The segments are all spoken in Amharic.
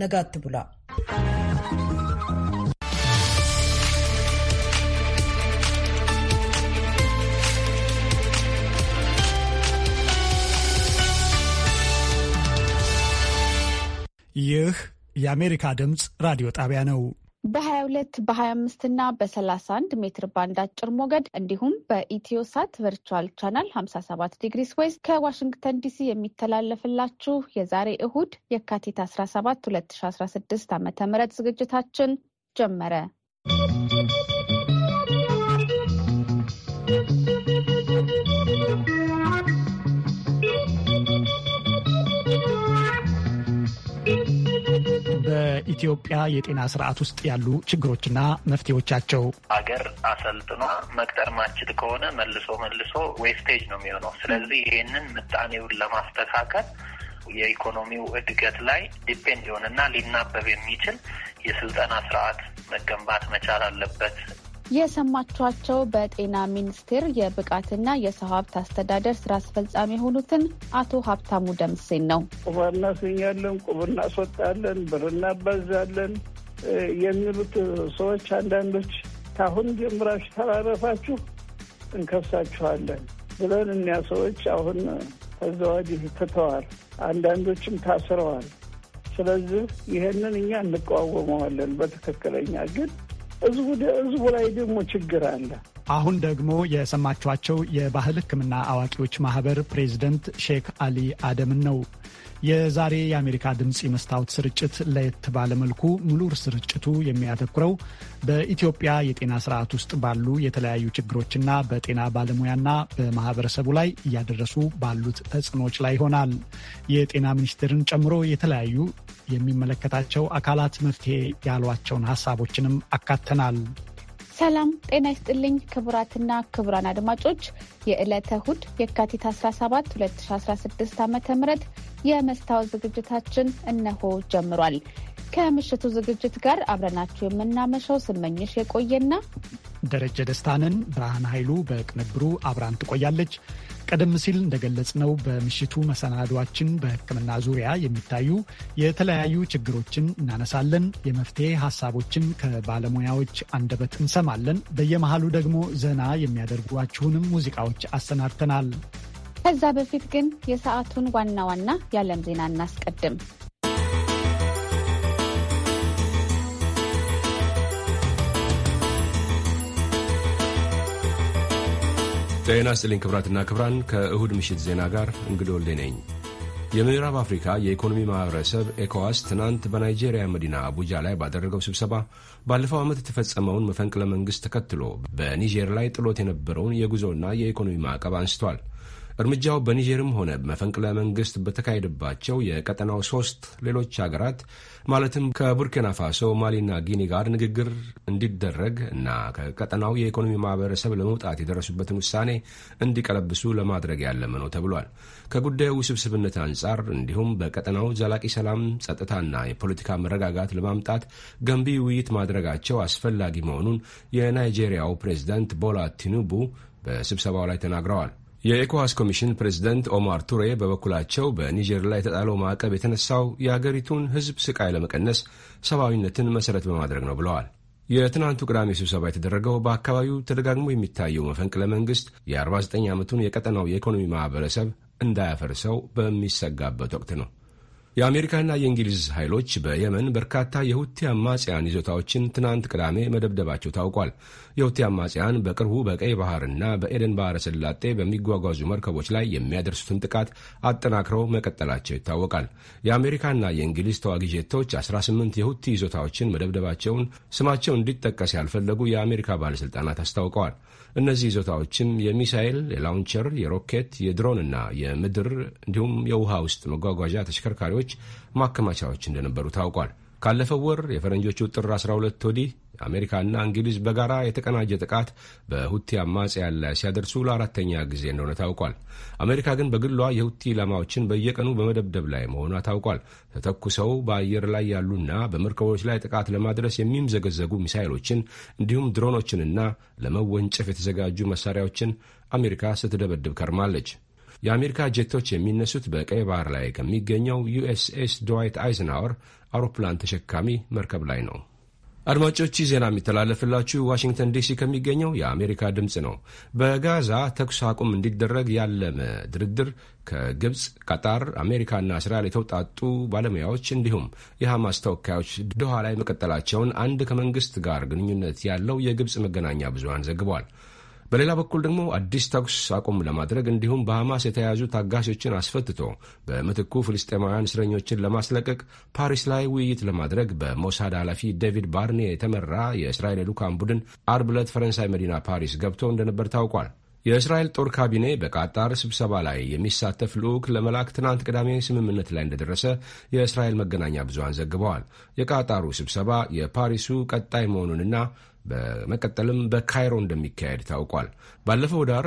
ነጋት ብላ ይህ የአሜሪካ ድምፅ ራዲዮ ጣቢያ ነው። በ22 በ25 እና በ31 ሜትር ባንድ አጭር ሞገድ እንዲሁም በኢትዮሳት ቨርቹዋል ቻናል 57 ዲግሪስ ዌስት ከዋሽንግተን ዲሲ የሚተላለፍላችሁ የዛሬ እሁድ የካቲት 17 2016 ዓ ም ዝግጅታችን ጀመረ። በኢትዮጵያ የጤና ስርዓት ውስጥ ያሉ ችግሮችና መፍትሄዎቻቸው። አገር አሰልጥኖ መቅጠር ማችል ከሆነ መልሶ መልሶ ዌስቴጅ ነው የሚሆነው። ስለዚህ ይሄንን ምጣኔውን ለማስተካከል የኢኮኖሚው እድገት ላይ ዲፔንድ የሆነና ሊናበብ የሚችል የስልጠና ስርዓት መገንባት መቻል አለበት የሰማችኋቸው በጤና ሚኒስቴር የብቃትና የሰው ሀብት አስተዳደር ስራ አስፈጻሚ የሆኑትን አቶ ሀብታሙ ደምሴን ነው። ቁባ እናስኛለን፣ ቁብ እናስወጣለን፣ ብር እናባዛለን የሚሉት ሰዎች አንዳንዶች ከአሁን ጀምራችሁ ተራረፋችሁ እንከሳችኋለን ብለን እኒያ ሰዎች አሁን ተዘዋጅ ትተዋል። አንዳንዶችም ታስረዋል። ስለዚህ ይህንን እኛ እንቃወመዋለን። በትክክለኛ ግን ህዝቡ ላይ ደግሞ ችግር አለ። አሁን ደግሞ የሰማችኋቸው የባህል ሕክምና አዋቂዎች ማህበር ፕሬዚደንት ሼክ አሊ አደምን ነው። የዛሬ የአሜሪካ ድምፅ የመስታወት ስርጭት ለየት ባለመልኩ ሙሉ ስርጭቱ የሚያተኩረው በኢትዮጵያ የጤና ስርዓት ውስጥ ባሉ የተለያዩ ችግሮችና በጤና ባለሙያና በማህበረሰቡ ላይ እያደረሱ ባሉት ተጽዕኖዎች ላይ ይሆናል። የጤና ሚኒስቴርን ጨምሮ የተለያዩ የሚመለከታቸው አካላት መፍትሄ ያሏቸውን ሀሳቦችንም አካተናል። ሰላም ጤና ይስጥልኝ ክቡራትና ክቡራን አድማጮች የዕለተ እሁድ የካቲት 17 2016 ዓ ም የመስታወት ዝግጅታችን እነሆ ጀምሯል። ከምሽቱ ዝግጅት ጋር አብረናችሁ የምናመሸው ስመኝሽ የቆየና ደረጀ ደስታንን ብርሃን ኃይሉ በቅንብሩ አብራን ትቆያለች። ቀደም ሲል እንደገለጽ ነው በምሽቱ መሰናዷችን በሕክምና ዙሪያ የሚታዩ የተለያዩ ችግሮችን እናነሳለን። የመፍትሄ ሀሳቦችን ከባለሙያዎች አንደበት እንሰማለን። በየመሃሉ ደግሞ ዘና የሚያደርጓችሁንም ሙዚቃዎች አሰናድተናል። ከዛ በፊት ግን የሰዓቱን ዋና ዋና የዓለም ዜና እናስቀድም። ጤና ስጥልኝ ክብራትና ክብራን፣ ከእሁድ ምሽት ዜና ጋር እንግዶ ወልዴ ነኝ። የምዕራብ አፍሪካ የኢኮኖሚ ማህበረሰብ ኤኮዋስ ትናንት በናይጄሪያ መዲና አቡጃ ላይ ባደረገው ስብሰባ ባለፈው ዓመት የተፈጸመውን መፈንቅለ መንግሥት ተከትሎ በኒጀር ላይ ጥሎት የነበረውን የጉዞና የኢኮኖሚ ማዕቀብ አንስቷል። እርምጃው በኒጀርም ሆነ መፈንቅለ መንግሥት በተካሄደባቸው የቀጠናው ሶስት ሌሎች አገራት ማለትም ከቡርኪና ፋሶ፣ ማሊና ጊኒ ጋር ንግግር እንዲደረግ እና ከቀጠናው የኢኮኖሚ ማህበረሰብ ለመውጣት የደረሱበትን ውሳኔ እንዲቀለብሱ ለማድረግ ያለመ ነው ተብሏል። ከጉዳዩ ውስብስብነት አንጻር እንዲሁም በቀጠናው ዘላቂ ሰላም፣ ጸጥታና የፖለቲካ መረጋጋት ለማምጣት ገንቢ ውይይት ማድረጋቸው አስፈላጊ መሆኑን የናይጄሪያው ፕሬዚዳንት ቦላ ቲኑቡ በስብሰባው ላይ ተናግረዋል። የኤኮዋስ ኮሚሽን ፕሬዚደንት ኦማር ቱሬ በበኩላቸው በኒጀር ላይ የተጣለው ማዕቀብ የተነሳው የአገሪቱን ሕዝብ ስቃይ ለመቀነስ ሰብአዊነትን መሠረት በማድረግ ነው ብለዋል። የትናንቱ ቅዳሜ ስብሰባ የተደረገው በአካባቢው ተደጋግሞ የሚታየው መፈንቅለ መንግሥት የ49 ዓመቱን የቀጠናው የኢኮኖሚ ማኅበረሰብ እንዳያፈርሰው በሚሰጋበት ወቅት ነው። የአሜሪካና የእንግሊዝ ኃይሎች በየመን በርካታ የሁቲ አማጽያን ይዞታዎችን ትናንት ቅዳሜ መደብደባቸው ታውቋል። የሁቲ አማጽያን በቅርቡ በቀይ ባህርና በኤደን ባህረ ሰላጤ በሚጓጓዙ መርከቦች ላይ የሚያደርሱትን ጥቃት አጠናክረው መቀጠላቸው ይታወቃል። የአሜሪካና የእንግሊዝ ተዋጊ ጄቶች 18 የሁቲ ይዞታዎችን መደብደባቸውን ስማቸው እንዲጠቀስ ያልፈለጉ የአሜሪካ ባለሥልጣናት አስታውቀዋል። እነዚህ ይዞታዎችም የሚሳይል፣ የላውንቸር፣ የሮኬት፣ የድሮንና የምድር እንዲሁም የውሃ ውስጥ መጓጓዣ ተሽከርካሪዎች ሆቴሎች ማከማቻዎች እንደነበሩ ታውቋል። ካለፈው ወር የፈረንጆቹ ጥር 12 ወዲህ አሜሪካና እንግሊዝ በጋራ የተቀናጀ ጥቃት በሁቲ አማጽያን ላይ ሲያደርሱ ለአራተኛ ጊዜ እንደሆነ ታውቋል። አሜሪካ ግን በግሏ የሁቲ ኢላማዎችን በየቀኑ በመደብደብ ላይ መሆኗ ታውቋል። ተተኩሰው በአየር ላይ ያሉና በመርከቦች ላይ ጥቃት ለማድረስ የሚምዘገዘጉ ሚሳይሎችን እንዲሁም ድሮኖችንና ለመወንጨፍ የተዘጋጁ መሳሪያዎችን አሜሪካ ስትደበድብ ከርማለች። የአሜሪካ ጀቶች የሚነሱት በቀይ ባህር ላይ ከሚገኘው ዩኤስኤስ ድዋይት አይዘንሃወር አውሮፕላን ተሸካሚ መርከብ ላይ ነው። አድማጮች ዜና የሚተላለፍላችሁ ዋሽንግተን ዲሲ ከሚገኘው የአሜሪካ ድምፅ ነው። በጋዛ ተኩስ አቁም እንዲደረግ ያለመ ድርድር ከግብፅ፣ ቀጣር፣ አሜሪካና እስራኤል የተውጣጡ ባለሙያዎች እንዲሁም የሐማስ ተወካዮች ዶሃ ላይ መቀጠላቸውን አንድ ከመንግስት ጋር ግንኙነት ያለው የግብፅ መገናኛ ብዙሃን ዘግቧል። በሌላ በኩል ደግሞ አዲስ ተኩስ አቁም ለማድረግ እንዲሁም በሐማስ የተያዙ ታጋሾችን አስፈትቶ በምትኩ ፍልስጤማውያን እስረኞችን ለማስለቀቅ ፓሪስ ላይ ውይይት ለማድረግ በሞሳድ ኃላፊ ዴቪድ ባርኔ የተመራ የእስራኤል የሉካን ቡድን አርብ ዕለት ፈረንሳይ መዲና ፓሪስ ገብቶ እንደነበር ታውቋል። የእስራኤል ጦር ካቢኔ በቃጣር ስብሰባ ላይ የሚሳተፍ ልዑክ ለመላክ ትናንት ቅዳሜ ስምምነት ላይ እንደደረሰ የእስራኤል መገናኛ ብዙሃን ዘግበዋል። የቃጣሩ ስብሰባ የፓሪሱ ቀጣይ መሆኑንና በመቀጠልም በካይሮ እንደሚካሄድ ታውቋል። ባለፈው ዳር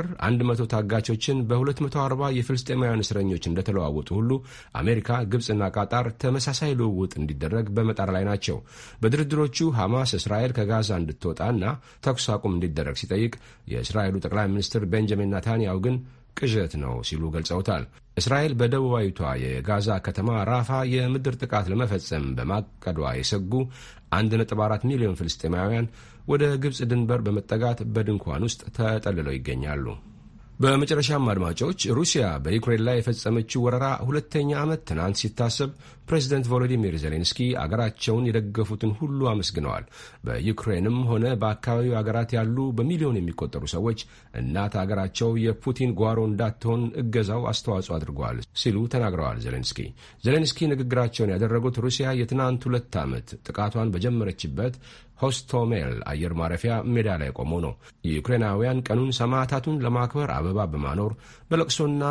100 ታጋቾችን በ240 የፍልስጤማውያን እስረኞች እንደተለዋወጡ ሁሉ አሜሪካ፣ ግብፅና ቃጣር ተመሳሳይ ልውውጥ እንዲደረግ በመጣር ላይ ናቸው። በድርድሮቹ ሐማስ እስራኤል ከጋዛ እንድትወጣና ተኩስ አቁም እንዲደረግ ሲጠይቅ የእስራኤሉ ጠቅላይ ሚኒስትር ቤንጃሚን ናታንያሁ ግን ቅዠት ነው ሲሉ ገልጸውታል። እስራኤል በደቡባዊቷ የጋዛ ከተማ ራፋ የምድር ጥቃት ለመፈጸም በማቀዷ የሰጉ 1.4 ሚሊዮን ፍልስጤማውያን ወደ ግብፅ ድንበር በመጠጋት በድንኳን ውስጥ ተጠልለው ይገኛሉ። በመጨረሻም አድማጮች ሩሲያ በዩክሬን ላይ የፈጸመችው ወረራ ሁለተኛ ዓመት ትናንት ሲታሰብ ፕሬዚደንት ቮሎዲሚር ዜሌንስኪ አገራቸውን የደገፉትን ሁሉ አመስግነዋል። በዩክሬንም ሆነ በአካባቢው አገራት ያሉ በሚሊዮን የሚቆጠሩ ሰዎች እናት አገራቸው የፑቲን ጓሮ እንዳትሆን እገዛው አስተዋጽኦ አድርገዋል ሲሉ ተናግረዋል። ዜሌንስኪ ዜሌንስኪ ንግግራቸውን ያደረጉት ሩሲያ የትናንት ሁለት ዓመት ጥቃቷን በጀመረችበት ሆስቶሜል አየር ማረፊያ ሜዳ ላይ ቆመው ነው። የዩክሬናውያን ቀኑን ሰማዕታቱን ለማክበር አበባ በማኖር በለቅሶና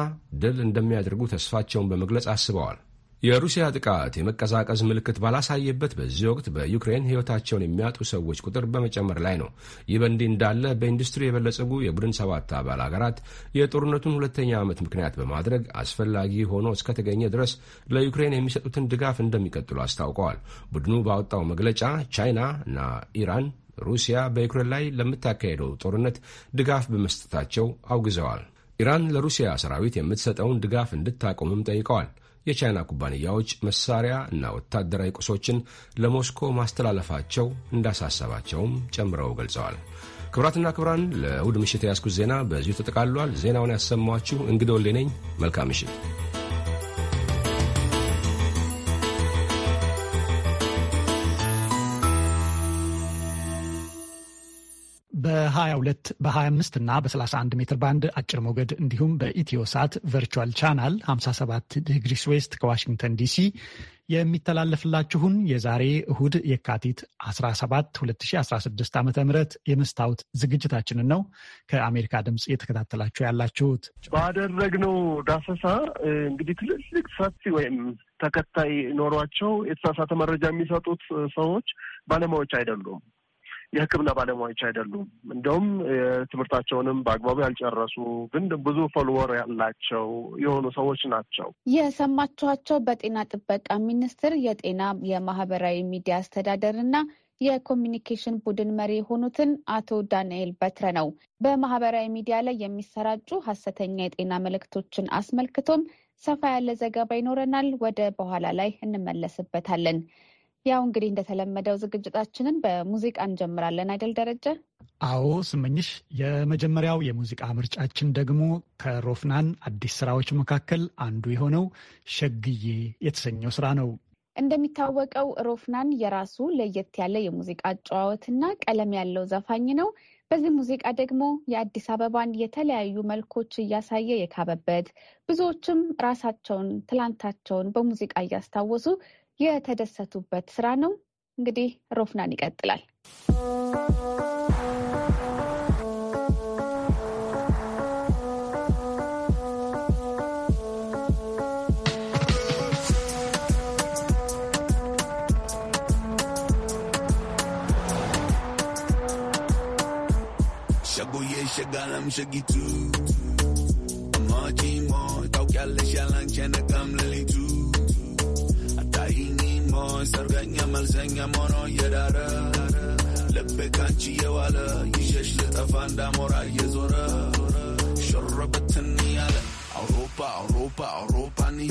ድል እንደሚያደርጉ ተስፋቸውን በመግለጽ አስበዋል። የሩሲያ ጥቃት የመቀዛቀዝ ምልክት ባላሳየበት በዚህ ወቅት በዩክሬን ሕይወታቸውን የሚያጡ ሰዎች ቁጥር በመጨመር ላይ ነው። ይህ በእንዲህ እንዳለ በኢንዱስትሪ የበለጸጉ የቡድን ሰባት አባል ሀገራት የጦርነቱን ሁለተኛ ዓመት ምክንያት በማድረግ አስፈላጊ ሆኖ እስከተገኘ ድረስ ለዩክሬን የሚሰጡትን ድጋፍ እንደሚቀጥሉ አስታውቀዋል። ቡድኑ ባወጣው መግለጫ ቻይና እና ኢራን ሩሲያ በዩክሬን ላይ ለምታካሄደው ጦርነት ድጋፍ በመስጠታቸው አውግዘዋል። ኢራን ለሩሲያ ሰራዊት የምትሰጠውን ድጋፍ እንድታቆምም ጠይቀዋል። የቻይና ኩባንያዎች መሳሪያ እና ወታደራዊ ቁሶችን ለሞስኮ ማስተላለፋቸው እንዳሳሰባቸውም ጨምረው ገልጸዋል። ክብራትና ክብራን ለእሁድ ምሽት የያዝኩት ዜና በዚሁ ተጠቃልሏል። ዜናውን ያሰማችሁ እንግዶ ሌነኝ። መልካም ምሽት። በ22 በ25 ና በ31 ሜትር ባንድ አጭር ሞገድ እንዲሁም በኢትዮ ሳት ቨርቹዋል ቻናል 57 ዲግሪ ዌስት ከዋሽንግተን ዲሲ የሚተላለፍላችሁን የዛሬ እሁድ የካቲት 17 2016 ዓ ም የመስታወት ዝግጅታችንን ነው ከአሜሪካ ድምፅ እየተከታተላችሁ ያላችሁት። ባደረግነው ዳሰሳ እንግዲህ ትልልቅ ሰፊ ወይም ተከታይ ኖሯቸው የተሳሳተ መረጃ የሚሰጡት ሰዎች ባለሙያዎች አይደሉም። የሕክምና ባለሙያዎች አይደሉም። እንደውም ትምህርታቸውንም በአግባቡ ያልጨረሱ ግን ብዙ ፎሎወር ያላቸው የሆኑ ሰዎች ናቸው። የሰማችኋቸው በጤና ጥበቃ ሚኒስቴር የጤና የማህበራዊ ሚዲያ አስተዳደር እና የኮሚኒኬሽን ቡድን መሪ የሆኑትን አቶ ዳንኤል በትረ ነው። በማህበራዊ ሚዲያ ላይ የሚሰራጩ ሀሰተኛ የጤና መልእክቶችን አስመልክቶም ሰፋ ያለ ዘገባ ይኖረናል። ወደ በኋላ ላይ እንመለስበታለን። ያው እንግዲህ እንደተለመደው ዝግጅታችንን በሙዚቃ እንጀምራለን አይደል ደረጀ? አዎ ስመኝሽ። የመጀመሪያው የሙዚቃ ምርጫችን ደግሞ ከሮፍናን አዲስ ስራዎች መካከል አንዱ የሆነው ሸግዬ የተሰኘው ስራ ነው። እንደሚታወቀው ሮፍናን የራሱ ለየት ያለ የሙዚቃ አጨዋወትና ቀለም ያለው ዘፋኝ ነው። በዚህ ሙዚቃ ደግሞ የአዲስ አበባን የተለያዩ መልኮች እያሳየ የካበበት ብዙዎችም ራሳቸውን ትላንታቸውን በሙዚቃ እያስታወሱ የተደሰቱበት ስራ ነው። እንግዲህ ሮፍናን ይቀጥላል። Shagoye shagalam shagitu Maji mo Tau kyalish yalan chena kam lalitu ሰርገኛ መልሰኛ ሆኖ እየዳረ ልቤ ካንቺ እየዋለ ይዤሽ ልጠፋ እንዳሞራ እየዞረ ሽረብትን ያለ አውሮፓ አውሮፓ አውሮፓ ንሂ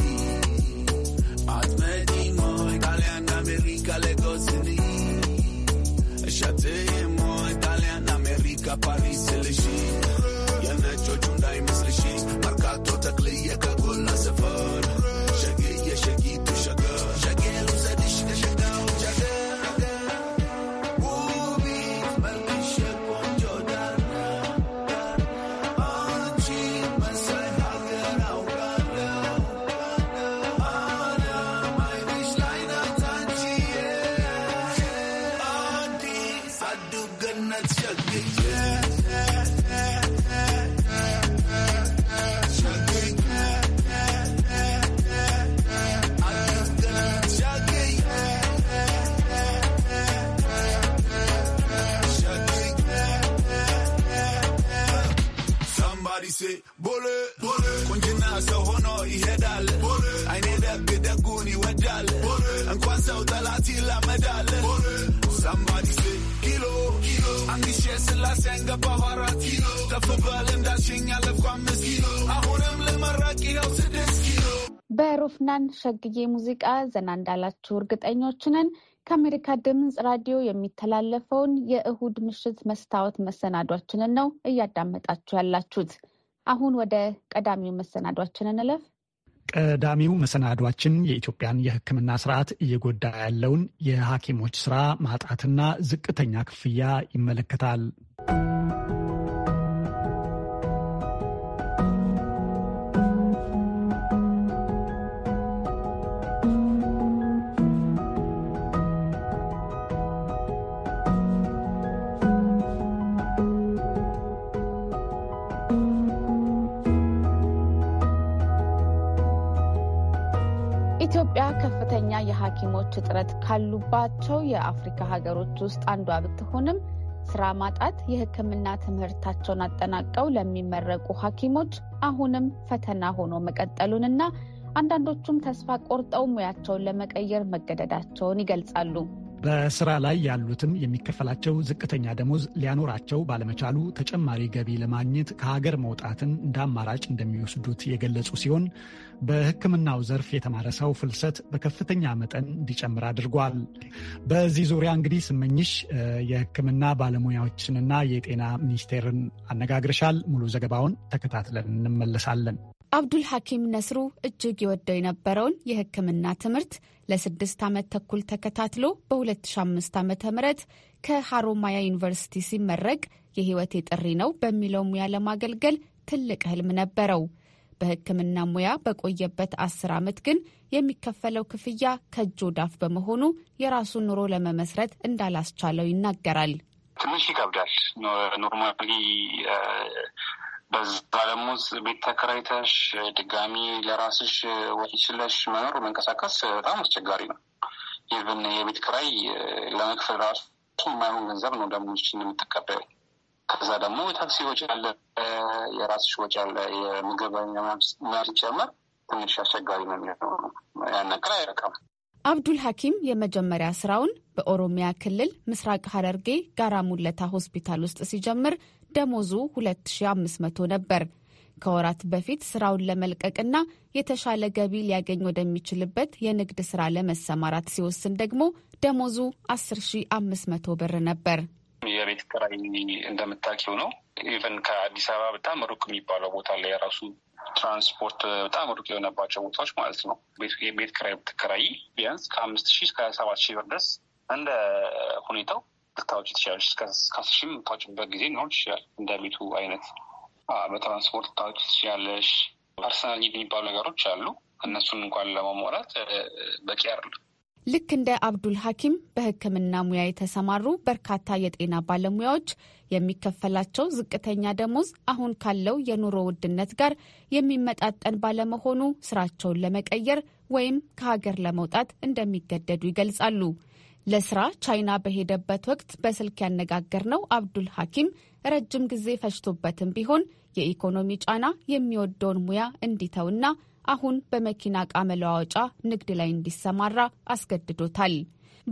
አትመጪሞ ጣሊያን አሜሪካ ለጎስኒ ንሂ እሸቴሞ ጣሊያን አሜሪካ ፓሪስ ልሽ የነጮቹ እንዳይመስልሽ በሩፍናን ሸግዬ ሙዚቃ ዘና እንዳላችሁ እርግጠኞች ነን። ከአሜሪካ ድምፅ ራዲዮ የሚተላለፈውን የእሁድ ምሽት መስታወት መሰናዷችንን ነው እያዳመጣችሁ ያላችሁት። አሁን ወደ ቀዳሚው መሰናዷችንን እለፍ። ቀዳሚው መሰናዷችን የኢትዮጵያን የሕክምና ስርዓት እየጎዳ ያለውን የሐኪሞች ስራ ማጣትና ዝቅተኛ ክፍያ ይመለከታል። ሐኪሞች እጥረት ካሉባቸው የአፍሪካ ሀገሮች ውስጥ አንዷ ብትሆንም ስራ ማጣት የሕክምና ትምህርታቸውን አጠናቀው ለሚመረቁ ሐኪሞች አሁንም ፈተና ሆኖ መቀጠሉንና አንዳንዶቹም ተስፋ ቆርጠው ሙያቸውን ለመቀየር መገደዳቸውን ይገልጻሉ። በስራ ላይ ያሉትም የሚከፈላቸው ዝቅተኛ ደሞዝ ሊያኖራቸው ባለመቻሉ ተጨማሪ ገቢ ለማግኘት ከሀገር መውጣትን እንደ አማራጭ እንደሚወስዱት የገለጹ ሲሆን በሕክምናው ዘርፍ የተማረ ሰው ፍልሰት በከፍተኛ መጠን እንዲጨምር አድርጓል። በዚህ ዙሪያ እንግዲህ ስመኝሽ የሕክምና ባለሙያዎችንና የጤና ሚኒስቴርን አነጋግርሻል። ሙሉ ዘገባውን ተከታትለን እንመለሳለን። አብዱል ሐኪም ነስሩ እጅግ የወደው የነበረውን የሕክምና ትምህርት ለስድስት ዓመት ተኩል ተከታትሎ በ2005 ዓ ም ከሐሮማያ ዩኒቨርሲቲ ሲመረቅ የህይወት ጥሪ ነው በሚለው ሙያ ለማገልገል ትልቅ ህልም ነበረው። በሕክምና ሙያ በቆየበት አስር ዓመት ግን የሚከፈለው ክፍያ ከእጅ ወዳፍ በመሆኑ የራሱን ኑሮ ለመመስረት እንዳላስቻለው ይናገራል። ትንሽ ይከብዳል። ኖርማሊ በዛ ደግሞ ቤት ተከራይተሽ ድጋሚ ለራስሽ ወጪ መኖር መንቀሳቀስ በጣም አስቸጋሪ ነው። ይህን የቤት ክራይ ለመክፈል ራሱ የማይሆን ገንዘብ ነው ደሞች የምትቀበዩ። ከዛ ደግሞ ታክሲ ወጪ አለ፣ የራስሽ ወጪ አለ። የምግብ መር ጨመር ትንሽ አስቸጋሪ ነው የሚሆነው። ያነቅር አይረቀም። አብዱል ሐኪም የመጀመሪያ ስራውን በኦሮሚያ ክልል ምስራቅ ሐረርጌ ጋራ ሙለታ ሆስፒታል ውስጥ ሲጀምር ደሞዙ 2500 ነበር። ከወራት በፊት ስራውን ለመልቀቅና የተሻለ ገቢ ሊያገኝ ወደሚችልበት የንግድ ስራ ለመሰማራት ሲወስን ደግሞ ደሞዙ 10500 ብር ነበር። የቤት ኪራይ እንደምታውቂው ነው። ኢቨን ከአዲስ አበባ በጣም ሩቅ የሚባለው ቦታ ላይ የራሱ ትራንስፖርት በጣም ሩቅ የሆነባቸው ቦታዎች ማለት ነው። የቤት ኪራይ ብትከራይ ቢያንስ ከአምስት ሺህ እስከ ሰባት ሺህ ብር ድረስ እንደ ሁኔታው ልታወጪ ትችላለች። ከአስር ሺህ ጊዜ ሊኖር ይችላል። እንደ ቤቱ አይነት በትራንስፖርት ልታወጪ ትችላለሽ። ፐርሰናል ኒድ የሚባሉ ነገሮች አሉ። እነሱን እንኳን ለመሟላት በቂ አይደለም። ልክ እንደ አብዱል ሐኪም በሕክምና ሙያ የተሰማሩ በርካታ የጤና ባለሙያዎች የሚከፈላቸው ዝቅተኛ ደሞዝ አሁን ካለው የኑሮ ውድነት ጋር የሚመጣጠን ባለመሆኑ ስራቸውን ለመቀየር ወይም ከሀገር ለመውጣት እንደሚገደዱ ይገልጻሉ። ለስራ ቻይና በሄደበት ወቅት በስልክ ያነጋገር ነው። አብዱል ሐኪም ረጅም ጊዜ ፈጅቶበትም ቢሆን የኢኮኖሚ ጫና የሚወደውን ሙያ እንዲተውና አሁን በመኪና ዕቃ መለዋወጫ ንግድ ላይ እንዲሰማራ አስገድዶታል።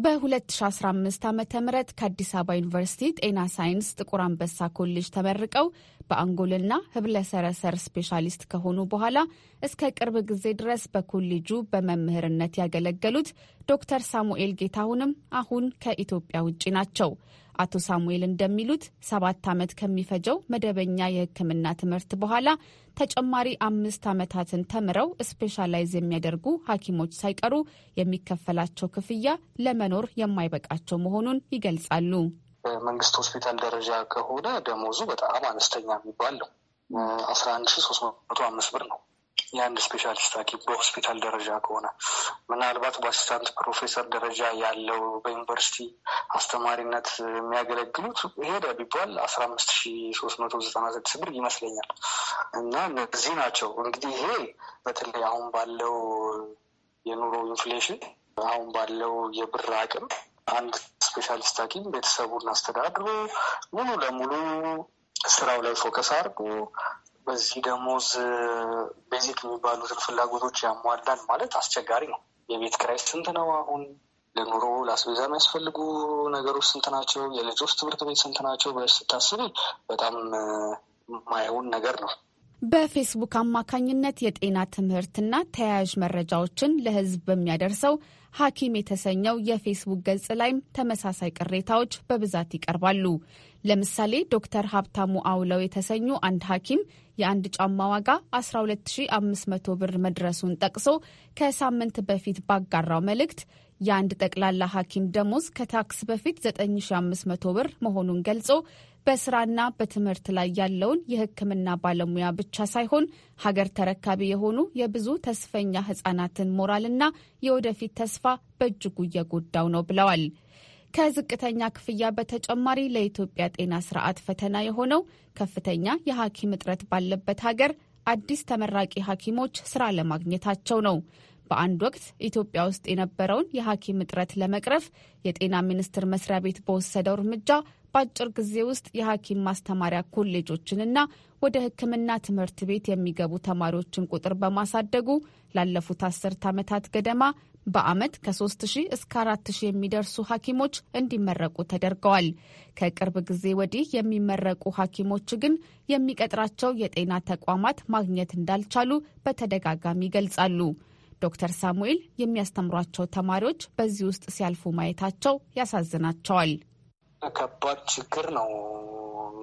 በ2015 ዓ ም ከአዲስ አበባ ዩኒቨርሲቲ ጤና ሳይንስ ጥቁር አንበሳ ኮሌጅ ተመርቀው በአንጎልና ህብለሰረሰር ስፔሻሊስት ከሆኑ በኋላ እስከ ቅርብ ጊዜ ድረስ በኮሌጁ በመምህርነት ያገለገሉት ዶክተር ሳሙኤል ጌታሁንም አሁን ከኢትዮጵያ ውጪ ናቸው። አቶ ሳሙኤል እንደሚሉት ሰባት ዓመት ከሚፈጀው መደበኛ የሕክምና ትምህርት በኋላ ተጨማሪ አምስት ዓመታትን ተምረው ስፔሻላይዝ የሚያደርጉ ሐኪሞች ሳይቀሩ የሚከፈላቸው ክፍያ ለመኖር የማይበቃቸው መሆኑን ይገልጻሉ። በመንግስት ሆስፒታል ደረጃ ከሆነ ደሞዙ በጣም አነስተኛ የሚባል ነው። አስራ አንድ ሺ ሶስት መቶ አምስት ብር ነው የአንድ ስፔሻሊስት ሐኪም በሆስፒታል ደረጃ ከሆነ ምናልባት በአሲስታንት ፕሮፌሰር ደረጃ ያለው በዩኒቨርሲቲ አስተማሪነት የሚያገለግሉት ሄደ ቢባል አስራ አምስት ሺ ሶስት መቶ ዘጠና ስድስት ብር ይመስለኛል። እና እነዚህ ናቸው እንግዲህ ይሄ በተለይ አሁን ባለው የኑሮ ኢንፍሌሽን፣ አሁን ባለው የብር አቅም አንድ ስፔሻሊስት ሐኪም ቤተሰቡን አስተዳድሮ ሙሉ ለሙሉ ስራው ላይ ፎከስ አድርጎ በዚህ ደሞዝ ቤዚክ የሚባሉትን ፍላጎቶች ያሟላል ማለት አስቸጋሪ ነው። የቤት ኪራይ ስንት ነው? አሁን ለኑሮ ለአስቤዛ የሚያስፈልጉ ነገሮች ስንት ናቸው? የልጆች ትምህርት ቤት ስንት ናቸው? ስታስቢ በጣም ማየውን ነገር ነው። በፌስቡክ አማካኝነት የጤና ትምህርትና ተያያዥ መረጃዎችን ለሕዝብ በሚያደርሰው ሐኪም የተሰኘው የፌስቡክ ገጽ ላይም ተመሳሳይ ቅሬታዎች በብዛት ይቀርባሉ። ለምሳሌ ዶክተር ሀብታሙ አውለው የተሰኙ አንድ ሐኪም የአንድ ጫማ ዋጋ 12500 ብር መድረሱን ጠቅሶ ከሳምንት በፊት ባጋራው መልእክት የአንድ ጠቅላላ ሐኪም ደሞዝ ከታክስ በፊት 9500 ብር መሆኑን ገልጾ በስራና በትምህርት ላይ ያለውን የሕክምና ባለሙያ ብቻ ሳይሆን ሀገር ተረካቢ የሆኑ የብዙ ተስፈኛ ህጻናትን ሞራልና የወደፊት ተስፋ በእጅጉ እየጎዳው ነው ብለዋል። ከዝቅተኛ ክፍያ በተጨማሪ ለኢትዮጵያ ጤና ስርዓት ፈተና የሆነው ከፍተኛ የሐኪም እጥረት ባለበት ሀገር አዲስ ተመራቂ ሐኪሞች ስራ ለማግኘታቸው ነው። በአንድ ወቅት ኢትዮጵያ ውስጥ የነበረውን የሐኪም እጥረት ለመቅረፍ የጤና ሚኒስቴር መስሪያ ቤት በወሰደው እርምጃ በአጭር ጊዜ ውስጥ የሐኪም ማስተማሪያ ኮሌጆችንና ወደ ሕክምና ትምህርት ቤት የሚገቡ ተማሪዎችን ቁጥር በማሳደጉ ላለፉት አስርት ዓመታት ገደማ በአመት ከ3000 እስከ 4000 የሚደርሱ ሐኪሞች እንዲመረቁ ተደርገዋል። ከቅርብ ጊዜ ወዲህ የሚመረቁ ሐኪሞች ግን የሚቀጥራቸው የጤና ተቋማት ማግኘት እንዳልቻሉ በተደጋጋሚ ይገልጻሉ። ዶክተር ሳሙኤል የሚያስተምሯቸው ተማሪዎች በዚህ ውስጥ ሲያልፉ ማየታቸው ያሳዝናቸዋል። ከባድ ችግር ነው።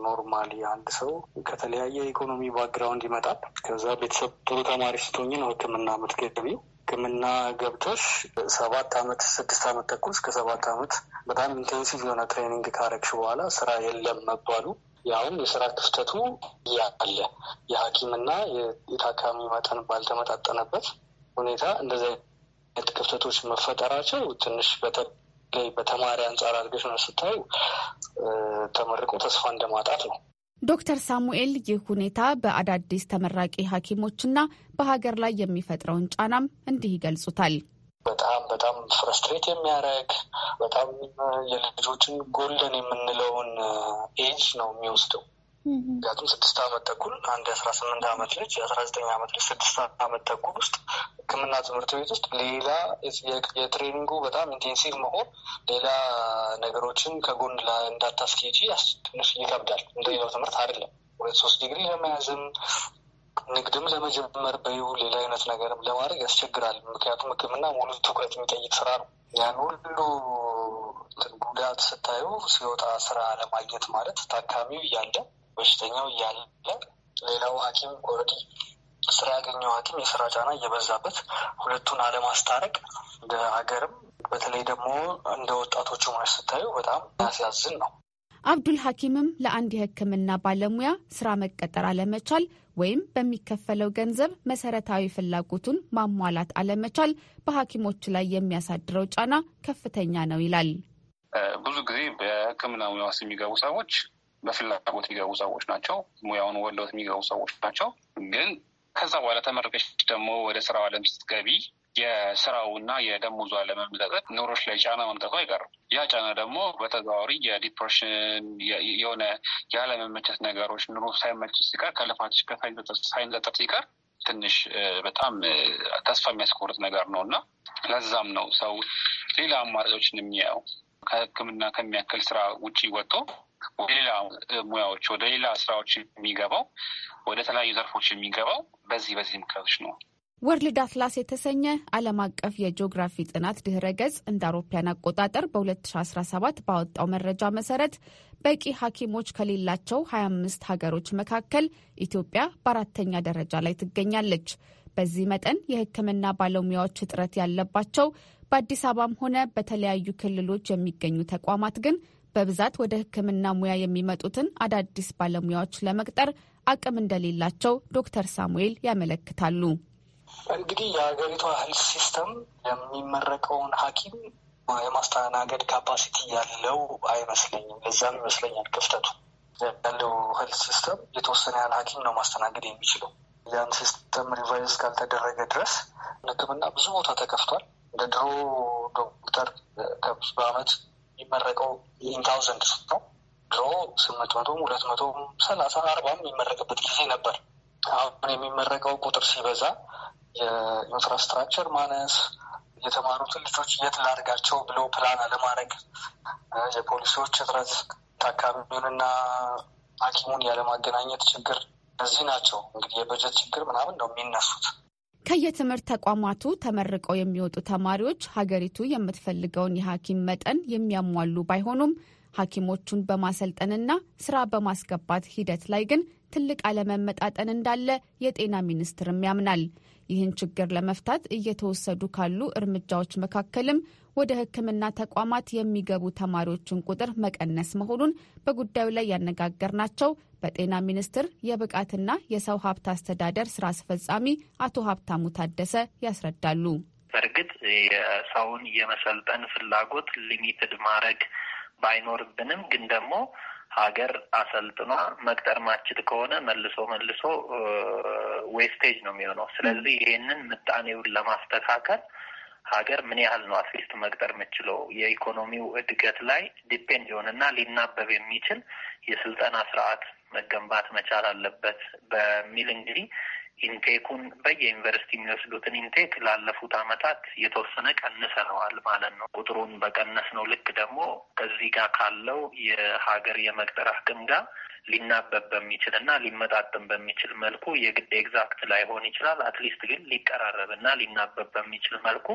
ኖርማሊ አንድ ሰው ከተለያየ ኢኮኖሚ ባክግራውንድ ይመጣል። ከዛ ቤተሰብ ጥሩ ተማሪ ስትሆኝ ነው ሕክምና የምትገቢው። ሕክምና ገብቶች ሰባት አመት ስድስት አመት ተኩል እስከ ሰባት አመት በጣም ኢንቴንሲቭ የሆነ ትሬኒንግ ካረግሽ በኋላ ስራ የለም መባሉ ያውም የስራ ክፍተቱ ያለ የሐኪምና የታካሚ መጠን ባልተመጣጠነበት ሁኔታ እንደዚህ አይነት ክፍተቶች መፈጠራቸው ትንሽ በተለይ በተማሪ አንጻር አድርገሽ ነው ስታዩ ተመርቆ ተስፋ እንደማጣት ነው። ዶክተር ሳሙኤል ይህ ሁኔታ በአዳዲስ ተመራቂ ሐኪሞችና በሀገር ላይ የሚፈጥረውን ጫናም እንዲህ ይገልጹታል። በጣም በጣም ፍረስትሬት የሚያደርግ በጣም የልጆችን ጎልደን የምንለውን ኤጅ ነው የሚወስደው ምክንያቱም ስድስት አመት ተኩል አንድ የአስራ ስምንት አመት ልጅ የአስራ ዘጠኝ አመት ልጅ ስድስት አመት ተኩል ውስጥ ህክምና ትምህርት ቤት ውስጥ ሌላ የትሬኒንጉ በጣም ኢንቴንሲቭ መሆን ሌላ ነገሮችን ከጎን እንዳታስኬጂ ትንሽ ይከብዳል። እንደሌላው ትምህርት አይደለም። ሁለት ሶስት ዲግሪ ለመያዝም ንግድም ለመጀመር በዩ ሌላ አይነት ነገርም ለማድረግ ያስቸግራል። ምክንያቱም ህክምና ሙሉ ትኩረት የሚጠይቅ ስራ ነው። ያን ሁሉ ጉዳት ስታዩ ሲወጣ ስራ ለማግኘት ማለት ታካሚው እያለ በሽተኛው እያለ ሌላው ሐኪም ኦልሬዲ ስራ ያገኘው ሐኪም የስራ ጫና እየበዛበት ሁለቱን አለማስታረቅ እንደ ሀገርም በተለይ ደግሞ እንደ ወጣቶቹ ማለት ስታዩ በጣም ያስያዝን ነው። አብዱል ሐኪምም ለአንድ የሕክምና ባለሙያ ስራ መቀጠር አለመቻል ወይም በሚከፈለው ገንዘብ መሰረታዊ ፍላጎቱን ማሟላት አለመቻል በሐኪሞች ላይ የሚያሳድረው ጫና ከፍተኛ ነው ይላል። ብዙ ጊዜ በሕክምና ሙያ ውስጥ የሚገቡ ሰዎች በፍላጎት የሚገቡ ሰዎች ናቸው። ሙያውን ወደውት የሚገቡ ሰዎች ናቸው። ግን ከዛ በኋላ ተመረቀች ደግሞ ወደ ስራው አለም ስትገቢ የስራውና የደሞዙ አለመመጣጠን ኑሮች ላይ ጫና መምጣቱ አይቀርም። ያ ጫና ደግሞ በተዘዋዋሪ የዲፕሬሽን የሆነ ያለመመቸት ነገሮች ኑሮ ሳይመች ሲቀር ከልፋትሽ ሳይንጠጠር ሲቀር ትንሽ በጣም ተስፋ የሚያስቆርጥ ነገር ነው እና ለዛም ነው ሰው ሌላ አማራጮችን የሚያየው ከሕክምና ከሚያክል ስራ ውጭ ወጥቶ ወደ ሌላ ሙያዎች፣ ወደ ሌላ ስራዎች የሚገባው ወደ ተለያዩ ዘርፎች የሚገባው በዚህ በዚህ ምክንያቶች ነው። ወርልድ አትላስ የተሰኘ ዓለም አቀፍ የጂኦግራፊ ጥናት ድህረ ገጽ እንደ አውሮፓያን አቆጣጠር በ2017 ባወጣው መረጃ መሰረት በቂ ሐኪሞች ከሌላቸው 25 ሀገሮች መካከል ኢትዮጵያ በአራተኛ ደረጃ ላይ ትገኛለች። በዚህ መጠን የሕክምና ባለሙያዎች እጥረት ያለባቸው በአዲስ አበባም ሆነ በተለያዩ ክልሎች የሚገኙ ተቋማት ግን በብዛት ወደ ሕክምና ሙያ የሚመጡትን አዳዲስ ባለሙያዎች ለመቅጠር አቅም እንደሌላቸው ዶክተር ሳሙኤል ያመለክታሉ። እንግዲህ የሀገሪቷ ሄልት ሲስተም የሚመረቀውን ሐኪም የማስተናገድ ካፓሲቲ ያለው አይመስለኝም። ለዛም ይመስለኛል ክፍተቱ ያለው ሄልት ሲስተም የተወሰነ ያህል ሐኪም ነው ማስተናገድ የሚችለው። ያን ሲስተም ሪቫይዝ ካልተደረገ ድረስ ሕክምና ብዙ ቦታ ተከፍቷል። እንደ ድሮ ዶክተር በአመት የሚመረቀው ኢንታውዘንድ ነው። ድሮ ስምንት መቶም ሁለት መቶም ሰላሳ አርባም የሚመረቅበት ጊዜ ነበር። አሁን የሚመረቀው ቁጥር ሲበዛ የኢንፍራስትራክቸር ማነስ፣ የተማሩትን ልጆች የት ላድርጋቸው ብሎ ፕላን አለማድረግ፣ የፖሊሲዎች እጥረት፣ ታካሚውንና ሐኪሙን ያለማገናኘት ችግር እነዚህ ናቸው እንግዲህ የበጀት ችግር ምናምን ነው የሚነሱት። ከየትምህርት ተቋማቱ ተመርቀው የሚወጡ ተማሪዎች ሀገሪቱ የምትፈልገውን የሐኪም መጠን የሚያሟሉ ባይሆኑም ሐኪሞቹን በማሰልጠንና ስራ በማስገባት ሂደት ላይ ግን ትልቅ አለመመጣጠን እንዳለ የጤና ሚኒስትርም ያምናል። ይህን ችግር ለመፍታት እየተወሰዱ ካሉ እርምጃዎች መካከልም ወደ ሕክምና ተቋማት የሚገቡ ተማሪዎችን ቁጥር መቀነስ መሆኑን በጉዳዩ ላይ ያነጋገርናቸው በጤና ሚኒስቴር የብቃትና የሰው ሀብት አስተዳደር ስራ አስፈጻሚ አቶ ሀብታሙ ታደሰ ያስረዳሉ። በእርግጥ የሰውን የመሰልጠን ፍላጎት ሊሚትድ ማድረግ ባይኖርብንም ግን ደግሞ ሀገር አሰልጥኗ መቅጠር ማችል ከሆነ መልሶ መልሶ ዌስቴጅ ነው የሚሆነው። ስለዚህ ይሄንን ምጣኔውን ለማስተካከል ሀገር ምን ያህል ነው አትሊስት መቅጠር የምችለው የኢኮኖሚው እድገት ላይ ዲፔንድ የሆነና ሊናበብ የሚችል የስልጠና ስርዓት መገንባት መቻል አለበት በሚል እንግዲህ ኢንቴኩን በየዩኒቨርሲቲ የሚወስዱትን ኢንቴክ ላለፉት አመታት የተወሰነ ቀንሰነዋል ማለት ነው። ቁጥሩን በቀነስ ነው ልክ ደግሞ ከዚህ ጋር ካለው የሀገር የመቅጠር አቅም ጋር ሊናበብ በሚችል እና ሊመጣጥም በሚችል መልኩ የግድ ኤግዛክት ላይሆን ይችላል። አትሊስት ግን ሊቀራረብ እና ሊናበብ በሚችል መልኩ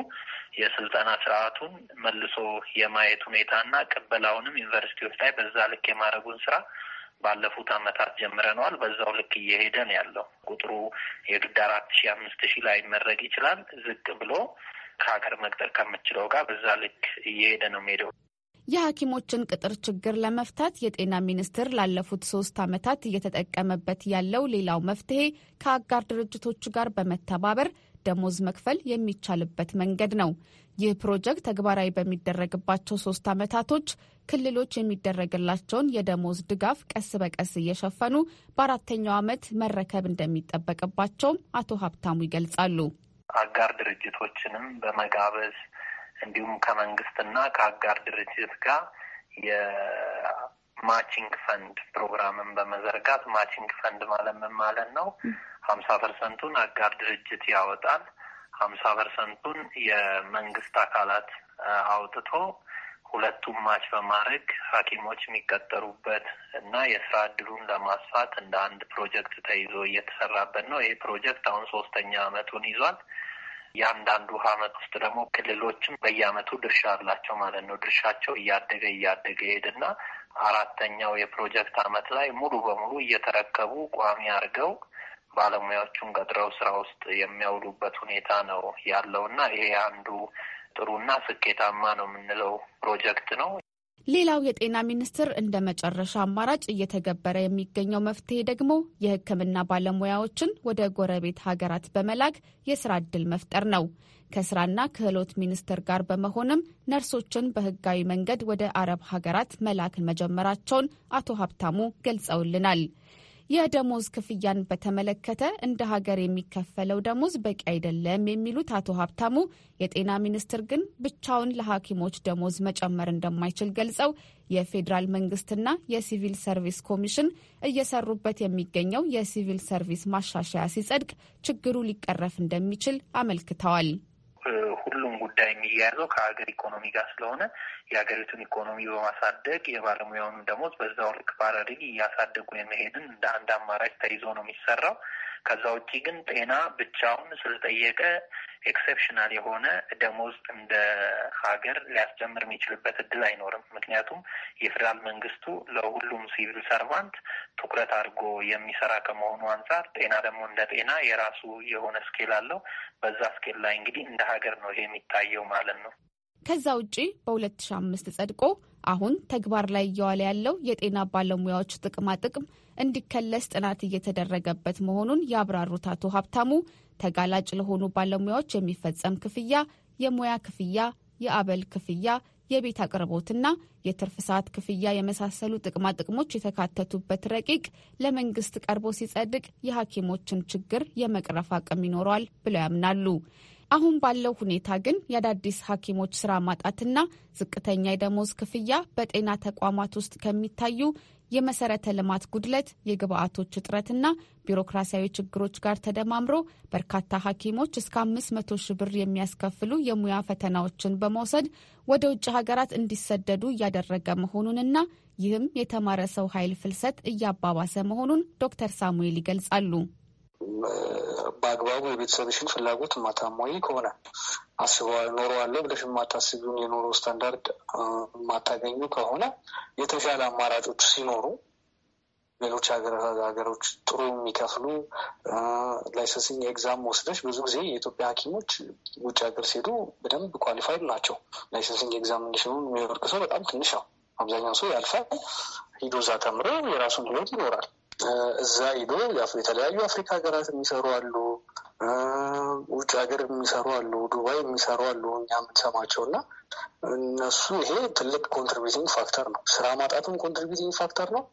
የስልጠና ስርዓቱን መልሶ የማየት ሁኔታ እና ቅበላውንም ዩኒቨርሲቲዎች ላይ በዛ ልክ የማድረጉን ስራ ባለፉት አመታት ጀምረነዋል። በዛው ልክ እየሄደ ያለው። ቁጥሩ የግድ አራት ሺ አምስት ሺ ላይ መድረግ ይችላል። ዝቅ ብሎ ከሀገር መቅጠር ከምችለው ጋር በዛ ልክ እየሄደ ነው የሚሄደው። የሐኪሞችን ቅጥር ችግር ለመፍታት የጤና ሚኒስቴር ላለፉት ሶስት ዓመታት እየተጠቀመበት ያለው ሌላው መፍትሄ ከአጋር ድርጅቶች ጋር በመተባበር ደሞዝ መክፈል የሚቻልበት መንገድ ነው። ይህ ፕሮጀክት ተግባራዊ በሚደረግባቸው ሶስት ዓመታቶች ክልሎች የሚደረግላቸውን የደሞዝ ድጋፍ ቀስ በቀስ እየሸፈኑ በአራተኛው ዓመት መረከብ እንደሚጠበቅባቸውም አቶ ሀብታሙ ይገልጻሉ። አጋር ድርጅቶችንም በመጋበዝ እንዲሁም ከመንግስትና ከአጋር ድርጅት ጋር የማቺንግ ፈንድ ፕሮግራምን በመዘርጋት ማቺንግ ፈንድ ማለት ምን ማለት ነው? ሀምሳ ፐርሰንቱን አጋር ድርጅት ያወጣል። ሀምሳ ፐርሰንቱን የመንግስት አካላት አውጥቶ ሁለቱም ማች በማድረግ ሐኪሞች የሚቀጠሩበት እና የስራ እድሉን ለማስፋት እንደ አንድ ፕሮጀክት ተይዞ እየተሰራበት ነው። ይህ ፕሮጀክት አሁን ሶስተኛ አመቱን ይዟል። የአንዳንዱ አመት ውስጥ ደግሞ ክልሎችም በየአመቱ ድርሻ አላቸው ማለት ነው። ድርሻቸው እያደገ እያደገ ሄድና አራተኛው የፕሮጀክት አመት ላይ ሙሉ በሙሉ እየተረከቡ ቋሚ አድርገው ባለሙያዎቹን ቀጥረው ስራ ውስጥ የሚያውሉበት ሁኔታ ነው ያለው እና ይሄ አንዱ ጥሩና ስኬታማ ነው የምንለው ፕሮጀክት ነው። ሌላው የጤና ሚኒስቴር እንደ መጨረሻ አማራጭ እየተገበረ የሚገኘው መፍትሄ ደግሞ የሕክምና ባለሙያዎችን ወደ ጎረቤት ሀገራት በመላክ የስራ እድል መፍጠር ነው። ከስራና ክህሎት ሚኒስቴር ጋር በመሆንም ነርሶችን በህጋዊ መንገድ ወደ አረብ ሀገራት መላክ መጀመራቸውን አቶ ሀብታሙ ገልጸውልናል። የደሞዝ ክፍያን በተመለከተ እንደ ሀገር የሚከፈለው ደሞዝ በቂ አይደለም የሚሉት አቶ ሀብታሙ የጤና ሚኒስቴር ግን ብቻውን ለሐኪሞች ደሞዝ መጨመር እንደማይችል ገልጸው የፌዴራል መንግስትና የሲቪል ሰርቪስ ኮሚሽን እየሰሩበት የሚገኘው የሲቪል ሰርቪስ ማሻሻያ ሲጸድቅ ችግሩ ሊቀረፍ እንደሚችል አመልክተዋል። ሁሉም ጉዳይ የሚያያዘው ከሀገር ኢኮኖሚ ጋር ስለሆነ የሀገሪቱን ኢኮኖሚ በማሳደግ የባለሙያውንም ደሞዝ በዛው ልክ ፓራሌል እያሳደጉ የመሄድን እንደ አንድ አማራጭ ተይዞ ነው የሚሰራው። ከዛ ውጭ ግን ጤና ብቻውን ስለጠየቀ ኤክሰፕሽናል የሆነ ደሞዝ እንደ ሀገር ሊያስጀምር የሚችልበት እድል አይኖርም። ምክንያቱም የፌዴራል መንግስቱ ለሁሉም ሲቪል ሰርቫንት ትኩረት አድርጎ የሚሰራ ከመሆኑ አንጻር ጤና ደግሞ እንደ ጤና የራሱ የሆነ ስኬል አለው። በዛ ስኬል ላይ እንግዲህ እንደ ሀገር ነው ይሄ የሚታየው ማለት ነው። ከዛ ውጪ በሁለት ሺ አምስት ጸድቆ አሁን ተግባር ላይ እየዋለ ያለው የጤና ባለሙያዎች ጥቅማ ጥቅም እንዲከለስ ጥናት እየተደረገበት መሆኑን ያብራሩት አቶ ሀብታሙ ተጋላጭ ለሆኑ ባለሙያዎች የሚፈጸም ክፍያ የሙያ ክፍያ፣ የአበል ክፍያ፣ የቤት አቅርቦትና የትርፍ ሰዓት ክፍያ የመሳሰሉ ጥቅማጥቅሞች የተካተቱበት ረቂቅ ለመንግስት ቀርቦ ሲጸድቅ የሐኪሞችን ችግር የመቅረፍ አቅም ይኖረዋል ብለው ያምናሉ። አሁን ባለው ሁኔታ ግን የአዳዲስ ሐኪሞች ስራ ማጣትና ዝቅተኛ የደሞዝ ክፍያ በጤና ተቋማት ውስጥ ከሚታዩ የመሰረተ ልማት ጉድለት፣ የግብአቶች እጥረትና ቢሮክራሲያዊ ችግሮች ጋር ተደማምሮ በርካታ ሐኪሞች እስከ አምስት መቶ ሺህ ብር የሚያስከፍሉ የሙያ ፈተናዎችን በመውሰድ ወደ ውጭ ሀገራት እንዲሰደዱ እያደረገ መሆኑንና ይህም የተማረ ሰው ኃይል ፍልሰት እያባባሰ መሆኑን ዶክተር ሳሙኤል ይገልጻሉ። በአግባቡ የቤተሰብሽን ፍላጎት ማታሟይ ከሆነ አስበዋል ኖረዋለሁ ብለሽ የማታስቢውን የኖሮ ስታንዳርድ የማታገኙ ከሆነ የተሻለ አማራጮች ሲኖሩ ሌሎች ሀገሮች ጥሩ የሚከፍሉ ላይሰንሲንግ ኤግዛም ወስደሽ ብዙ ጊዜ የኢትዮጵያ ሐኪሞች ውጭ ሀገር ሲሄዱ በደንብ ኳሊፋይድ ናቸው። ላይሰንሲንግ ኤግዛም እንዲሽኑ የሚወርቅ ሰው በጣም ትንሽ ነው። አብዛኛው ሰው ያልፋል። ሂዶ እዛ ተምሮ የራሱን ህይወት ይኖራል። እዛ ሂዶ የተለያዩ አፍሪካ ሀገራት የሚሰሩ አሉ፣ ውጭ ሀገር የሚሰሩ አሉ፣ ዱባይ የሚሰሩ አሉ፣ እኛ የምንሰማቸው እና እነሱ ይሄ ትልቅ ኮንትሪቢቲንግ ፋክተር ነው። ስራ ማጣትም ኮንትሪቢቲንግ ፋክተር ነው።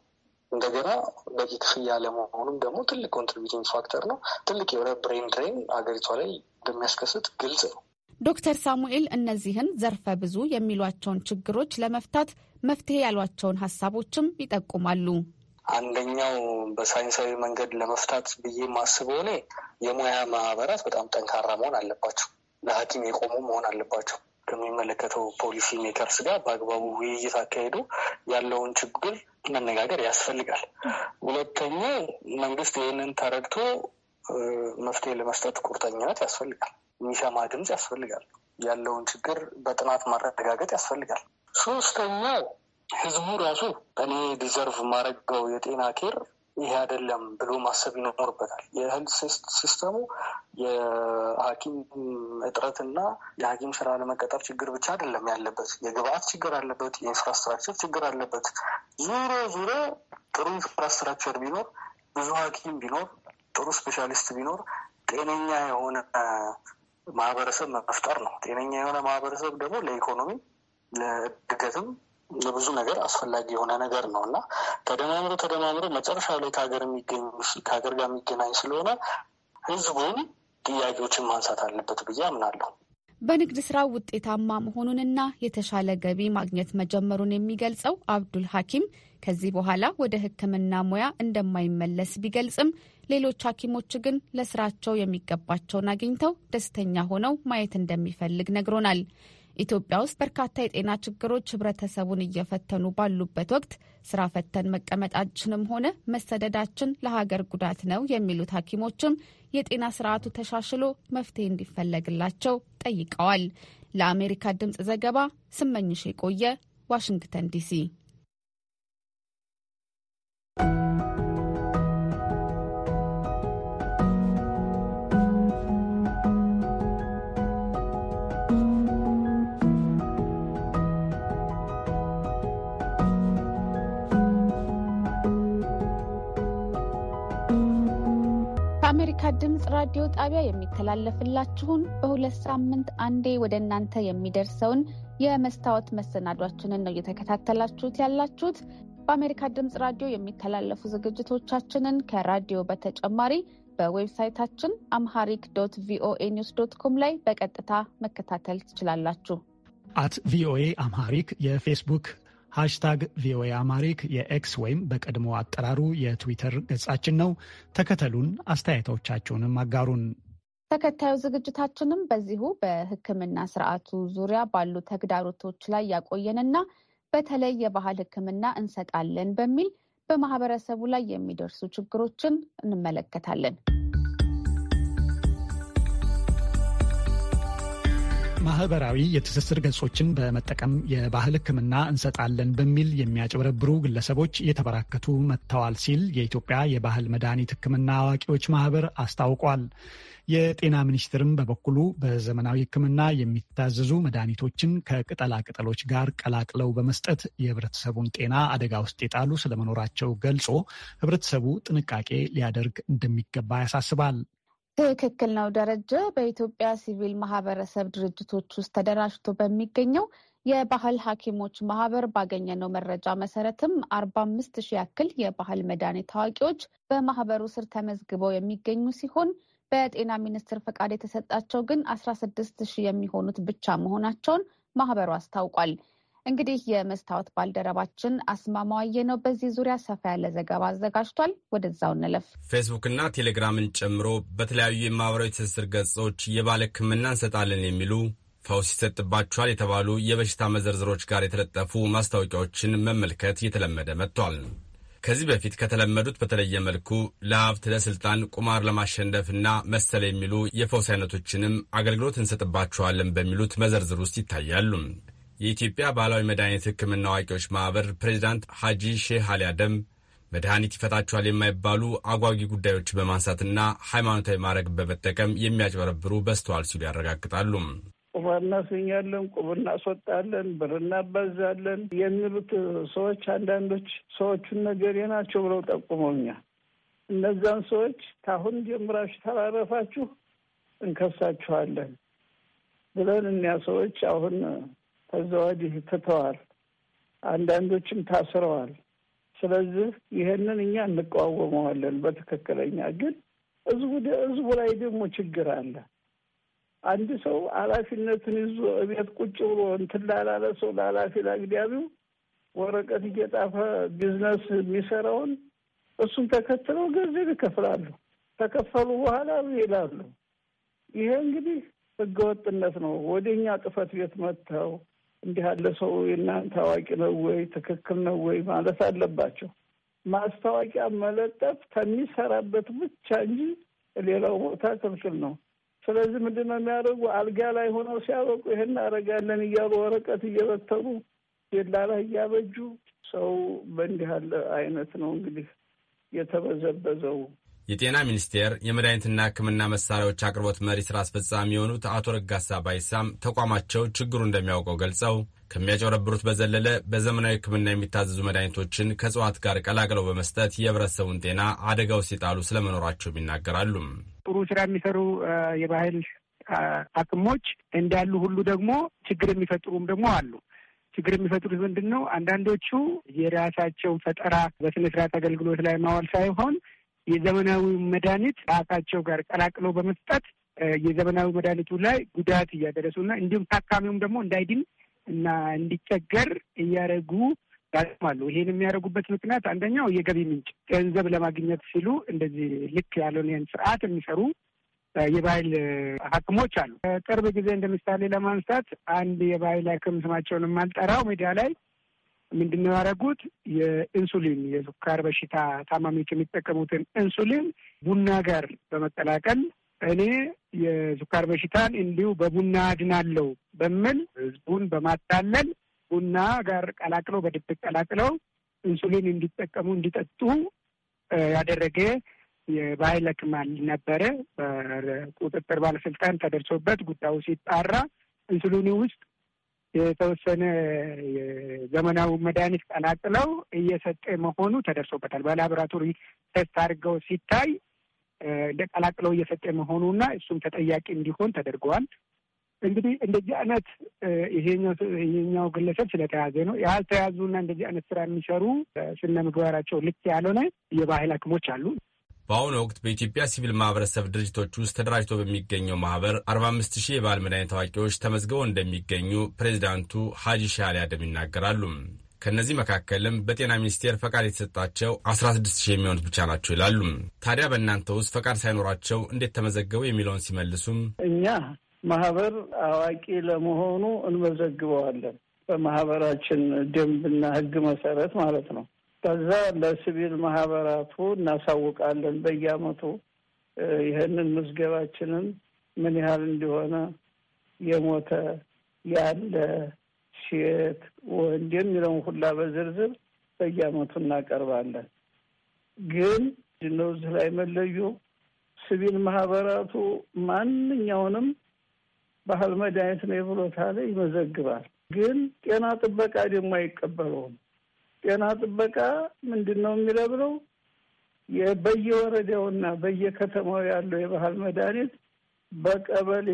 እንደገና በቂ ክፍያ ለመሆኑም ደግሞ ትልቅ ኮንትሪቢቲንግ ፋክተር ነው። ትልቅ የሆነ ብሬን ድሬን ሀገሪቷ ላይ እንደሚያስከስት ግልጽ ነው። ዶክተር ሳሙኤል እነዚህን ዘርፈ ብዙ የሚሏቸውን ችግሮች ለመፍታት መፍትሄ ያሏቸውን ሀሳቦችም ይጠቁማሉ። አንደኛው በሳይንሳዊ መንገድ ለመፍታት ብዬ የማስበው እኔ የሙያ ማህበራት በጣም ጠንካራ መሆን አለባቸው። ለሐኪም የቆሙ መሆን አለባቸው። ከሚመለከተው ፖሊሲ ሜከርስ ጋር በአግባቡ ውይይት አካሄዱ ያለውን ችግር መነጋገር ያስፈልጋል። ሁለተኛው መንግስት ይህንን ተረድቶ መፍትሄ ለመስጠት ቁርጠኝነት ያስፈልጋል። የሚሰማ ድምፅ ያስፈልጋል። ያለውን ችግር በጥናት ማረጋገጥ ያስፈልጋል። ሶስተኛው ህዝቡ ራሱ እኔ ዲዘርቭ ማረገው የጤና ኬር ይሄ አይደለም ብሎ ማሰብ ይኖርበታል። የህልት ሲስተሙ የሐኪም እጥረትና የሐኪም ስራ ለመቀጠር ችግር ብቻ አይደለም ያለበት። የግብአት ችግር አለበት፣ የኢንፍራስትራክቸር ችግር አለበት። ዙሮ ዙሮ ጥሩ ኢንፍራስትራክቸር ቢኖር፣ ብዙ ሐኪም ቢኖር፣ ጥሩ ስፔሻሊስት ቢኖር ጤነኛ የሆነ ማህበረሰብ መፍጠር ነው። ጤነኛ የሆነ ማህበረሰብ ደግሞ ለኢኮኖሚ ለእድገትም ለብዙ ነገር አስፈላጊ የሆነ ነገር ነው እና ተደማምሮ ተደማምሮ መጨረሻ ላይ ከሀገር ከሀገር ጋር የሚገናኝ ስለሆነ ህዝቡን ጥያቄዎችን ማንሳት አለበት ብዬ አምናለሁ። በንግድ ስራ ውጤታማ መሆኑንና የተሻለ ገቢ ማግኘት መጀመሩን የሚገልጸው አብዱል ሐኪም ከዚህ በኋላ ወደ ሕክምና ሙያ እንደማይመለስ ቢገልጽም ሌሎች ሐኪሞች ግን ለስራቸው የሚገባቸውን አግኝተው ደስተኛ ሆነው ማየት እንደሚፈልግ ነግሮናል። ኢትዮጵያ ውስጥ በርካታ የጤና ችግሮች ህብረተሰቡን እየፈተኑ ባሉበት ወቅት ስራ ፈተን መቀመጣችንም ሆነ መሰደዳችን ለሀገር ጉዳት ነው የሚሉት ሐኪሞችም የጤና ስርዓቱ ተሻሽሎ መፍትሄ እንዲፈለግላቸው ጠይቀዋል። ለአሜሪካ ድምፅ ዘገባ ስመኝሽ የቆየ ዋሽንግተን ዲሲ። ከአሜሪካ ድምፅ ራዲዮ ጣቢያ የሚተላለፍላችሁን በሁለት ሳምንት አንዴ ወደ እናንተ የሚደርሰውን የመስታወት መሰናዷችንን ነው እየተከታተላችሁት ያላችሁት። በአሜሪካ ድምፅ ራዲዮ የሚተላለፉ ዝግጅቶቻችንን ከራዲዮ በተጨማሪ በዌብሳይታችን አምሃሪክ ዶት ቪኦኤ ኒውስ ዶት ኮም ላይ በቀጥታ መከታተል ትችላላችሁ። አት ቪኦኤ አምሃሪክ የፌስቡክ ሃሽታግ ቪኦኤ አማሪክ የኤክስ ወይም በቀድሞ አጠራሩ የትዊተር ገጻችን ነው። ተከተሉን፣ አስተያየቶቻችሁንም አጋሩን። ተከታዩ ዝግጅታችንም በዚሁ በሕክምና ስርዓቱ ዙሪያ ባሉ ተግዳሮቶች ላይ ያቆየንና በተለይ የባህል ሕክምና እንሰጣለን በሚል በማህበረሰቡ ላይ የሚደርሱ ችግሮችን እንመለከታለን። ማህበራዊ የትስስር ገጾችን በመጠቀም የባህል ሕክምና እንሰጣለን በሚል የሚያጭበረብሩ ግለሰቦች እየተበራከቱ መጥተዋል ሲል የኢትዮጵያ የባህል መድኃኒት ሕክምና አዋቂዎች ማህበር አስታውቋል። የጤና ሚኒስቴርም በበኩሉ በዘመናዊ ሕክምና የሚታዘዙ መድኃኒቶችን ከቅጠላ ቅጠሎች ጋር ቀላቅለው በመስጠት የህብረተሰቡን ጤና አደጋ ውስጥ የጣሉ ስለመኖራቸው ገልጾ ህብረተሰቡ ጥንቃቄ ሊያደርግ እንደሚገባ ያሳስባል። ትክክል ነው ደረጀ። በኢትዮጵያ ሲቪል ማህበረሰብ ድርጅቶች ውስጥ ተደራጅቶ በሚገኘው የባህል ሐኪሞች ማህበር ባገኘነው መረጃ መሰረትም አርባ አምስት ሺህ ያክል የባህል መድኃኒት ታዋቂዎች በማህበሩ ስር ተመዝግበው የሚገኙ ሲሆን በጤና ሚኒስቴር ፈቃድ የተሰጣቸው ግን አስራ ስድስት ሺህ የሚሆኑት ብቻ መሆናቸውን ማህበሩ አስታውቋል። እንግዲህ የመስታወት ባልደረባችን አስማማዋዬ ነው በዚህ ዙሪያ ሰፋ ያለ ዘገባ አዘጋጅቷል። ወደዛው እንለፍ። ፌስቡክና ቴሌግራምን ጨምሮ በተለያዩ የማህበራዊ ትስስር ገጾች የባለ ሕክምና እንሰጣለን የሚሉ ፈውስ ይሰጥባቸዋል የተባሉ የበሽታ መዘርዝሮች ጋር የተለጠፉ ማስታወቂያዎችን መመልከት እየተለመደ መጥቷል። ከዚህ በፊት ከተለመዱት በተለየ መልኩ ለሀብት፣ ለስልጣን፣ ቁማር ለማሸነፍና መሰል የሚሉ የፈውስ አይነቶችንም አገልግሎት እንሰጥባቸዋለን በሚሉት መዘርዝር ውስጥ ይታያሉ። የኢትዮጵያ ባህላዊ መድኃኒት ሕክምና አዋቂዎች ማኅበር ፕሬዚዳንት ሐጂ ሼህ አሊ አደም መድኃኒት ይፈታችኋል የማይባሉ አጓጊ ጉዳዮች በማንሳትና ሃይማኖታዊ ማድረግ በመጠቀም የሚያጭበረብሩ በስተዋል ሲሉ ያረጋግጣሉ። ቁባ እናስኛለን፣ ቁብ እናስወጣለን፣ ብር እናባዛለን የሚሉት ሰዎች አንዳንዶች ሰዎቹን ነገሬ ናቸው ብለው ጠቁመውኛል። እነዛን ሰዎች ከአሁን ጀምራችሁ ተራረፋችሁ እንከሳችኋለን ብለን እኒያ ሰዎች አሁን ከዛ ወዲህ ትተዋል። አንዳንዶችም ታስረዋል። ስለዚህ ይህንን እኛ እንቃወመዋለን በትክክለኛ ግን ህዝቡ ህዝቡ ላይ ደግሞ ችግር አለ። አንድ ሰው ኃላፊነትን ይዞ እቤት ቁጭ ብሎ እንትን ላላለ ሰው ለኃላፊ ለአግዳሚው ወረቀት እየጣፈ ቢዝነስ የሚሰራውን እሱን ተከትለው ገንዘብ ይከፍላሉ። ተከፈሉ በኋላ ይላሉ። ይሄ እንግዲህ ህገወጥነት ነው። ወደኛ ጥፈት ቤት መጥተው እንዲህ ያለ ሰው የእናንተ አዋቂ ነው ወይ ትክክል ነው ወይ ማለት አለባቸው። ማስታወቂያ መለጠፍ ከሚሰራበት ብቻ እንጂ ሌላው ቦታ ክልክል ነው። ስለዚህ ምንድን ነው የሚያደርጉ አልጋ ላይ ሆነው ሲያበቁ ይህን እናደርጋለን እያሉ ወረቀት እየበተኑ ኬላ ላይ እያበጁ ሰው በእንዲህ ያለ አይነት ነው እንግዲህ የተበዘበዘው። የጤና ሚኒስቴር የመድኃኒትና ሕክምና መሳሪያዎች አቅርቦት መሪ ስራ አስፈጻሚ የሆኑት አቶ ረጋሳ ባይሳም ተቋማቸው ችግሩ እንደሚያውቀው ገልጸው ከሚያጨረብሩት በዘለለ በዘመናዊ ሕክምና የሚታዘዙ መድኃኒቶችን ከእጽዋት ጋር ቀላቅለው በመስጠት የህብረተሰቡን ጤና አደጋው ሲጣሉ ስለመኖራቸውም ይናገራሉ። ጥሩ ስራ የሚሰሩ የባህል ሐኪሞች እንዳሉ ሁሉ ደግሞ ችግር የሚፈጥሩም ደግሞ አሉ። ችግር የሚፈጥሩት ምንድን ነው? አንዳንዶቹ የራሳቸው ፈጠራ በስነስርዓት አገልግሎት ላይ ማዋል ሳይሆን የዘመናዊ መድኃኒት ራሳቸው ጋር ቀላቅለው በመስጠት የዘመናዊ መድኃኒቱ ላይ ጉዳት እያደረሱና እንዲሁም ታካሚውም ደግሞ እንዳይድን እና እንዲቸገር እያደረጉ ያጥማሉ። ይሄን የሚያደርጉበት ምክንያት አንደኛው የገቢ ምንጭ ገንዘብ ለማግኘት ሲሉ እንደዚህ ልክ ያልሆነን ስርዓት የሚሰሩ የባህል ሐኪሞች አሉ። ቅርብ ጊዜ እንደ ምሳሌ ለማንሳት አንድ የባህል ሐኪም ስማቸውን የማልጠራው ሚዲያ ላይ ምንድነው ያደረጉት? የኢንሱሊን የሱካር በሽታ ታማሚዎች የሚጠቀሙትን ኢንሱሊን ቡና ጋር በመቀላቀል እኔ የሱካር በሽታን እንዲሁ በቡና አድናለው በሚል ህዝቡን በማታለል ቡና ጋር ቀላቅለው በድብቅ ቀላቅለው ኢንሱሊን እንዲጠቀሙ እንዲጠጡ ያደረገ የባህል ህክማል ነበረ። በቁጥጥር ባለስልጣን ተደርሶበት ጉዳዩ ሲጣራ ኢንሱሊኑ ውስጥ የተወሰነ ዘመናዊ መድኃኒት ቀላቅለው እየሰጠ መሆኑ ተደርሶበታል። በላቦራቶሪ ቴስት አድርገው ሲታይ እንደቀላቅለው እየሰጠ መሆኑና እሱም ተጠያቂ እንዲሆን ተደርገዋል። እንግዲህ እንደዚህ አይነት ይሄኛው ግለሰብ ስለተያዘ ነው። ያልተያዙና እንደዚህ አይነት ስራ የሚሰሩ ስነ ምግባራቸው ልክ ያልሆነ የባህል ሐኪሞች አሉ። በአሁኑ ወቅት በኢትዮጵያ ሲቪል ማህበረሰብ ድርጅቶች ውስጥ ተደራጅቶ በሚገኘው ማህበር 45 ሺህ የባህል መድኃኒት አዋቂዎች ተመዝግበው እንደሚገኙ ፕሬዚዳንቱ ሀጂ ሻሊ አደም ይናገራሉ። ከእነዚህ መካከልም በጤና ሚኒስቴር ፈቃድ የተሰጣቸው 16 ሺህ የሚሆኑት ብቻ ናቸው ይላሉ። ታዲያ በእናንተ ውስጥ ፈቃድ ሳይኖራቸው እንዴት ተመዘገቡ የሚለውን ሲመልሱም እኛ ማህበር አዋቂ ለመሆኑ እንመዘግበዋለን በማህበራችን ደንብና ህግ መሰረት ማለት ነው። በዛ ለሲቪል ማህበራቱ እናሳውቃለን በየአመቱ ይህንን ምዝገባችንን ምን ያህል እንደሆነ የሞተ ያለ ሴት ወንድ የሚለውን ሁላ በዝርዝር በየአመቱ እናቀርባለን። ግን እነዚህ ላይ መለዩ ሲቪል ማህበራቱ ማንኛውንም ባህል መድኃኒት ነው ብሎታ ላይ ይመዘግባል። ግን ጤና ጥበቃ ደግሞ አይቀበለውም። ጤና ጥበቃ ምንድን ነው የሚለብለው በየወረዳውና በየከተማው ያለው የባህል መድኃኒት በቀበሌ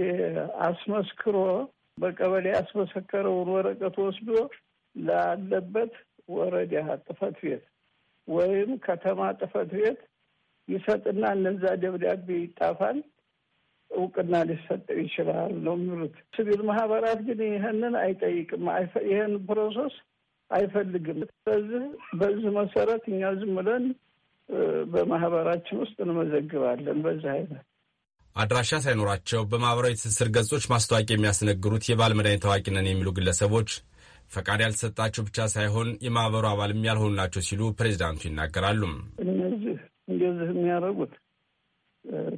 አስመስክሮ በቀበሌ ያስመሰከረውን ወረቀት ወስዶ ላለበት ወረዳ ጥፈት ቤት ወይም ከተማ ጥፈት ቤት ይሰጥና እነዛ ደብዳቤ ይጣፋል፣ እውቅና ሊሰጠው ይችላል ነው የሚሉት። ሲቪል ማህበራት ግን ይህንን አይጠይቅም። ይህን ፕሮሰስ አይፈልግም። ስለዚህ በዚህ መሰረት እኛ ዝም ብለን በማህበራችን ውስጥ እንመዘግባለን። በዚህ አይነት አድራሻ ሳይኖራቸው በማህበራዊ ትስስር ገጾች ማስታወቂያ የሚያስነግሩት የባል መድኃኒት ታዋቂ ነን የሚሉ ግለሰቦች ፈቃድ ያልተሰጣቸው ብቻ ሳይሆን የማህበሩ አባልም ያልሆኑ ናቸው ሲሉ ፕሬዚዳንቱ ይናገራሉ። እነዚህ እንደዚህ የሚያደርጉት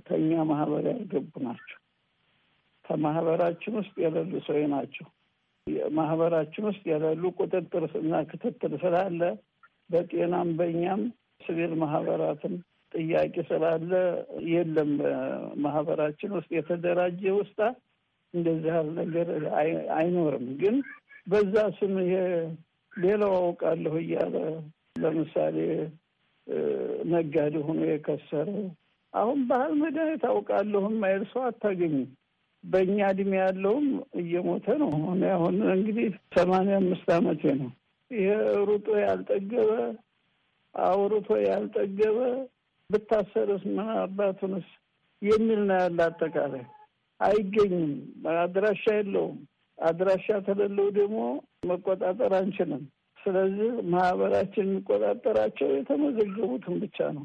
ከእኛ ማህበር ያልገቡ ናቸው። ከማህበራችን ውስጥ የሌሉ ሰው ናቸው። ማህበራችን ውስጥ ያላሉ ቁጥጥር እና ክትትል ስላለ በጤናም በእኛም ሲቪል ማህበራትም ጥያቄ ስላለ የለም። ማህበራችን ውስጥ የተደራጀ ውስጣ እንደዚህ ያለ ነገር አይኖርም። ግን በዛ ስም ይሄ ሌላው አውቃለሁ እያለ ለምሳሌ ነጋዴ ሆኖ የከሰረ አሁን ባህል መድኃኒት አውቃለሁ የማይል ሰው አታገኝም። በእኛ እድሜ ያለውም እየሞተ ነው። እኔ አሁን እንግዲህ ሰማንያ አምስት አመቴ ነው። ይሄ ሩጦ ያልጠገበ አውርቶ ያልጠገበ ብታሰርስ ምን አባቱንስ የሚል ነው ያለ። አጠቃላይ አይገኝም፣ አድራሻ የለውም። አድራሻ ተለለው ደግሞ መቆጣጠር አንችልም። ስለዚህ ማህበራችን የሚቆጣጠራቸው የተመዘገቡትን ብቻ ነው።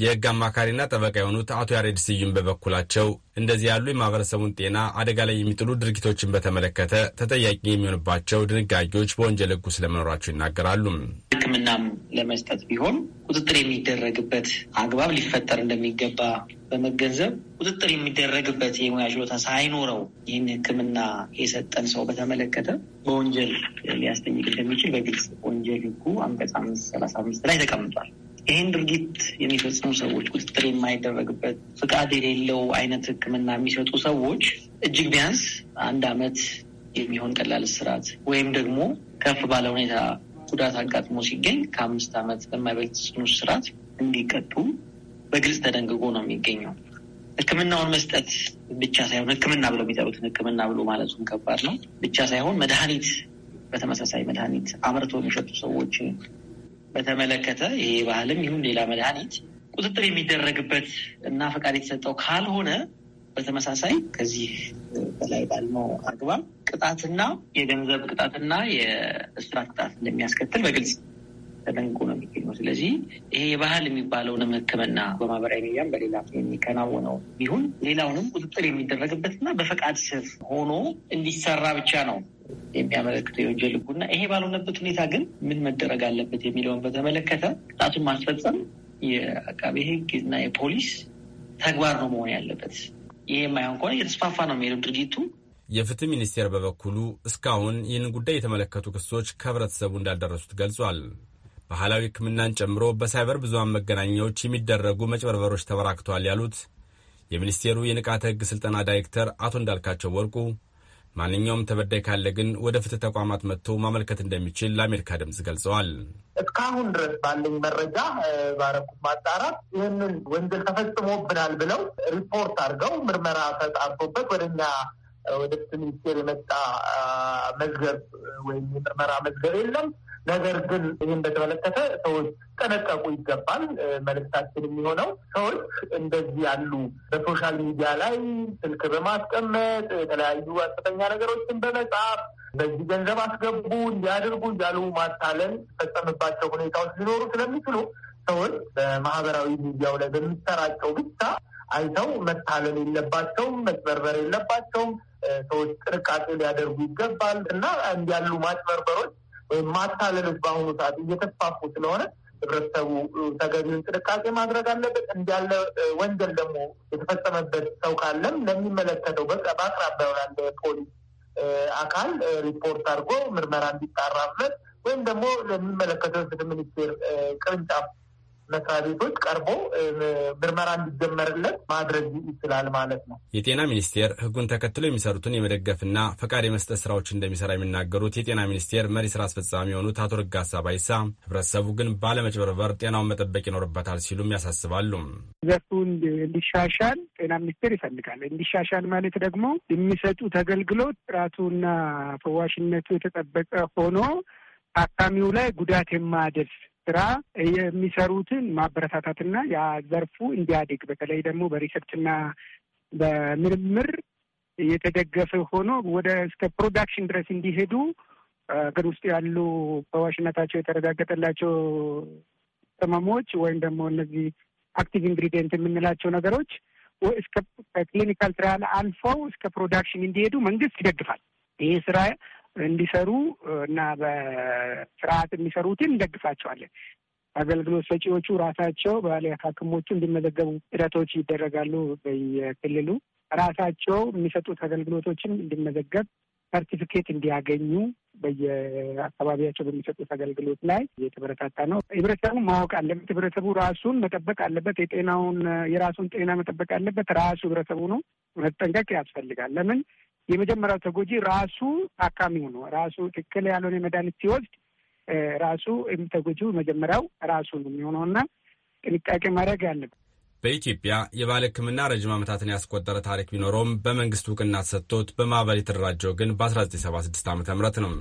የህግ አማካሪና ጠበቃ የሆኑት አቶ ያሬድ ስዩም በበኩላቸው እንደዚህ ያሉ የማህበረሰቡን ጤና አደጋ ላይ የሚጥሉ ድርጊቶችን በተመለከተ ተጠያቂ የሚሆንባቸው ድንጋጌዎች በወንጀል ህጉ ስለመኖራቸው ይናገራሉ። ሕክምናም ለመስጠት ቢሆን ቁጥጥር የሚደረግበት አግባብ ሊፈጠር እንደሚገባ በመገንዘብ ቁጥጥር የሚደረግበት የሙያ ችሎታ ሳይኖረው ይህን ሕክምና የሰጠን ሰው በተመለከተ በወንጀል ሊያስጠይቅ እንደሚችል በግልጽ ወንጀል ህጉ አንቀጽ አምስት ሰላሳ አምስት ላይ ተቀምጧል። ይህን ድርጊት የሚፈጽሙ ሰዎች ቁጥጥር የማይደረግበት ፍቃድ የሌለው አይነት ሕክምና የሚሰጡ ሰዎች እጅግ ቢያንስ አንድ አመት የሚሆን ቀላል እስራት ወይም ደግሞ ከፍ ባለ ሁኔታ ጉዳት አጋጥሞ ሲገኝ ከአምስት ዓመት በማይበልጥ ጽኑ እስራት እንዲቀጡ በግልጽ ተደንግጎ ነው የሚገኘው። ህክምናውን መስጠት ብቻ ሳይሆን ህክምና ብለው የሚጠሩትን ህክምና ብሎ ማለቱን ከባድ ነው ብቻ ሳይሆን መድኃኒት በተመሳሳይ መድኃኒት አምርቶ የሚሸጡ ሰዎች በተመለከተ ይሄ ባህልም ይሁን ሌላ መድኃኒት ቁጥጥር የሚደረግበት እና ፈቃድ የተሰጠው ካልሆነ በተመሳሳይ ከዚህ በላይ ባልነው አግባብ ቅጣትና የገንዘብ ቅጣትና የእስራት ቅጣት እንደሚያስከትል በግልጽ ተደንቆ ነው የሚገኘው። ስለዚህ ይሄ የባህል የሚባለውንም ሕክምና በማህበራዊ ሚዲያም በሌላ የሚከናወነው ቢሆን ሌላውንም ቁጥጥር የሚደረግበትና በፈቃድ ስር ሆኖ እንዲሰራ ብቻ ነው የሚያመለክተው የወንጀል ሕጉና ይሄ ባልሆነበት ሁኔታ ግን ምን መደረግ አለበት የሚለውን በተመለከተ ቅጣቱን ማስፈጸም የአቃቤ ሕግ እና የፖሊስ ተግባር ነው መሆን ያለበት። ይሄ የማይሆን ከሆነ እየተስፋፋ ነው የሚሄደው ድርጊቱ። የፍትህ ሚኒስቴር በበኩሉ እስካሁን ይህንን ጉዳይ የተመለከቱ ክሶች ከህብረተሰቡ እንዳልደረሱት ገልጿል። ባህላዊ ሕክምናን ጨምሮ በሳይበር ብዙሃን መገናኛዎች የሚደረጉ መጭበርበሮች ተበራክቷል ያሉት የሚኒስቴሩ የንቃተ ሕግ ሥልጠና ዳይሬክተር አቶ እንዳልካቸው ወርቁ ማንኛውም ተበዳይ ካለ ግን ወደ ፍትህ ተቋማት መጥቶ ማመልከት እንደሚችል ለአሜሪካ ድምፅ ገልጸዋል። እስካሁን ድረስ ባለኝ መረጃ ባረኩት ማጣራት ይህንን ወንጀል ተፈጽሞብናል ብለው ሪፖርት አድርገው ምርመራ ተጣርቶበት ወደ ወደ ፍትህ ሚኒስቴር የመጣ መዝገብ ወይም የምርመራ መዝገብ የለም። ነገር ግን ይህን በተመለከተ ሰዎች ጠነቀቁ ይገባል። መልእክታችን የሚሆነው ሰዎች እንደዚህ ያሉ በሶሻል ሚዲያ ላይ ስልክ በማስቀመጥ የተለያዩ አጥተኛ ነገሮችን በመጻፍ በዚህ ገንዘብ አስገቡ እንዲያደርጉ እያሉ ማታለን ፈጸምባቸው ሁኔታዎች ሊኖሩ ስለሚችሉ ሰዎች በማህበራዊ ሚዲያው ላይ በሚሰራጨው ብቻ አይተው መታለን የለባቸውም፣ መጭበርበር የለባቸውም። ሰዎች ጥንቃቄ ሊያደርጉ ይገባል እና እንዲያሉ ማጭበርበሮች ወይም ማታለሎች በአሁኑ ሰዓት እየተስፋፉ ስለሆነ ህብረተሰቡ ተገቢውን ጥንቃቄ ማድረግ አለበት። እንዲያለ ወንጀል ደግሞ የተፈጸመበት ሰው ካለም ለሚመለከተው በአቅራቢያው ላለ ፖሊስ አካል ሪፖርት አድርጎ ምርመራ እንዲጣራበት ወይም ደግሞ ለሚመለከተው ፍትህ ሚኒስቴር ቅርንጫፍ መስሪያ ቤቶች ቀርቦ ምርመራ እንዲጀመርለት ማድረግ ይችላል ማለት ነው። የጤና ሚኒስቴር ህጉን ተከትሎ የሚሰሩትን የመደገፍና ፈቃድ የመስጠት ስራዎች እንደሚሰራ የሚናገሩት የጤና ሚኒስቴር መሪ ስራ አስፈጻሚ የሆኑት አቶ ርጋሳ ባይሳ ህብረተሰቡ ግን ባለመጭበርበር ጤናውን መጠበቅ ይኖርበታል ሲሉም ያሳስባሉ። ዘርፉ እንዲሻሻል ጤና ሚኒስቴር ይፈልጋል። እንዲሻሻል ማለት ደግሞ የሚሰጡት አገልግሎት ጥራቱና ፈዋሽነቱ የተጠበቀ ሆኖ ታካሚው ላይ ጉዳት የማያደርስ ስራ የሚሰሩትን ማበረታታትና ያ ዘርፉ እንዲያድግ በተለይ ደግሞ በሪሰርችና በምርምር የተደገፈ ሆኖ ወደ እስከ ፕሮዳክሽን ድረስ እንዲሄዱ ሀገር ውስጥ ያሉ በዋሽነታቸው የተረጋገጠላቸው ቅመሞች ወይም ደግሞ እነዚህ አክቲቭ ኢንግሪዲየንት የምንላቸው ነገሮች እስከ ክሊኒካል ትራያል አልፈው እስከ ፕሮዳክሽን እንዲሄዱ መንግስት ይደግፋል። ይህ ስራ እንዲሰሩ እና በስርዓት የሚሰሩትን እንደግፋቸዋለን። አገልግሎት ሰጪዎቹ ራሳቸው ባህል ሐኪሞቹ እንዲመዘገቡ ጥረቶች ይደረጋሉ። በየክልሉ ራሳቸው የሚሰጡት አገልግሎቶችን እንዲመዘገብ ሰርቲፊኬት እንዲያገኙ በየአካባቢያቸው በሚሰጡት አገልግሎት ላይ እየተበረታታ ነው። ህብረተሰቡ ማወቅ አለበት። ህብረተሰቡ ራሱን መጠበቅ አለበት። የጤናውን የራሱን ጤና መጠበቅ አለበት። ራሱ ህብረተሰቡ ነው። መጠንቀቅ ያስፈልጋል። ለምን የመጀመሪያው ተጎጂ ራሱ ታካሚው ነው። ራሱ ትክክል ያልሆነ መድኃኒት ሲወስድ ራሱ ተጎጂው መጀመሪያው ራሱ ነው የሚሆነውና ጥንቃቄ ማድረግ ያለብን። በኢትዮጵያ የባህል ሕክምና ረዥም ዓመታትን ያስቆጠረ ታሪክ ቢኖረውም በመንግስት እውቅና ተሰጥቶት በማኅበር የተደራጀው ግን በ1976 ዓ ም ነው።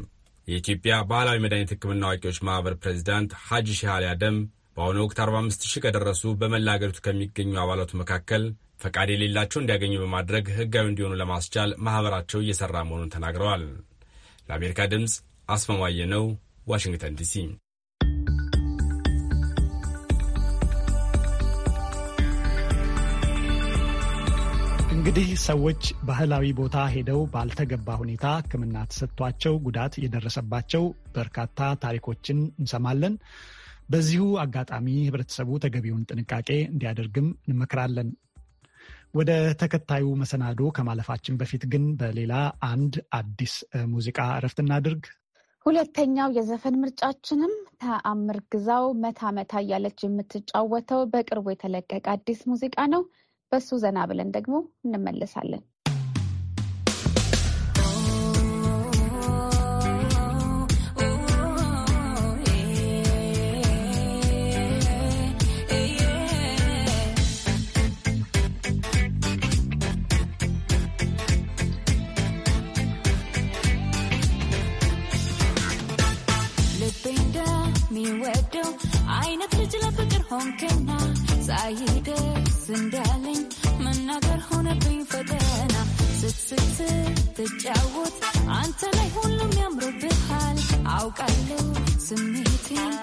የኢትዮጵያ ባህላዊ መድኃኒት ሕክምና አዋቂዎች ማህበር ፕሬዚዳንት ሐጂ ሺህ አሊ አደም በአሁኑ ወቅት 45 ሺህ ከደረሱ በመላ አገሪቱ ከሚገኙ አባላቱ መካከል ፈቃድ የሌላቸው እንዲያገኙ በማድረግ ህጋዊ እንዲሆኑ ለማስቻል ማኅበራቸው እየሠራ መሆኑን ተናግረዋል። ለአሜሪካ ድምፅ አስማማየ ነው፣ ዋሽንግተን ዲሲ። እንግዲህ ሰዎች ባህላዊ ቦታ ሄደው ባልተገባ ሁኔታ ሕክምና ተሰጥቷቸው ጉዳት የደረሰባቸው በርካታ ታሪኮችን እንሰማለን። በዚሁ አጋጣሚ ህብረተሰቡ ተገቢውን ጥንቃቄ እንዲያደርግም እንመክራለን። ወደ ተከታዩ መሰናዶ ከማለፋችን በፊት ግን በሌላ አንድ አዲስ ሙዚቃ እረፍት እናድርግ። ሁለተኛው የዘፈን ምርጫችንም ተአምር ግዛው መታ መታ እያለች የምትጫወተው በቅርቡ የተለቀቀ አዲስ ሙዚቃ ነው። በሱ ዘና ብለን ደግሞ እንመለሳለን። የሚወደው አይነት ልጅ ለፍቅር ሆንክና ሳይደርስ እንዳለኝ መናገር ሆነብኝ ፈተና። ስትስት ትጫወት አንተ ላይ ሁሉም ያምርብሃል አውቃለሁ ስሜቴን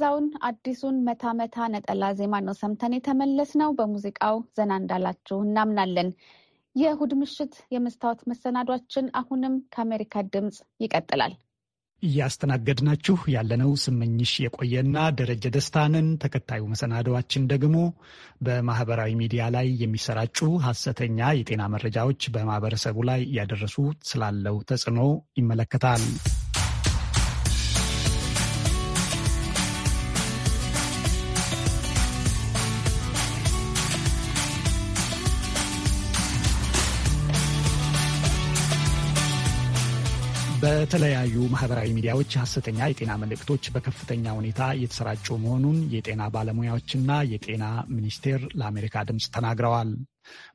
ገዛውን አዲሱን መታ መታ ነጠላ ዜማ ነው ሰምተን የተመለስ ነው። በሙዚቃው ዘና እንዳላችሁ እናምናለን። የእሁድ ምሽት የመስታወት መሰናዷችን አሁንም ከአሜሪካ ድምፅ ይቀጥላል። እያስተናገድናችሁ ያለነው ስመኝሽ የቆየና ደረጀ ደስታንን። ተከታዩ መሰናዶዋችን ደግሞ በማህበራዊ ሚዲያ ላይ የሚሰራጩ ሀሰተኛ የጤና መረጃዎች በማህበረሰቡ ላይ እያደረሱ ስላለው ተጽዕኖ ይመለከታል። በተለያዩ ማህበራዊ ሚዲያዎች ሀሰተኛ የጤና መልእክቶች በከፍተኛ ሁኔታ እየተሰራጩ መሆኑን የጤና ባለሙያዎችና የጤና ሚኒስቴር ለአሜሪካ ድምፅ ተናግረዋል።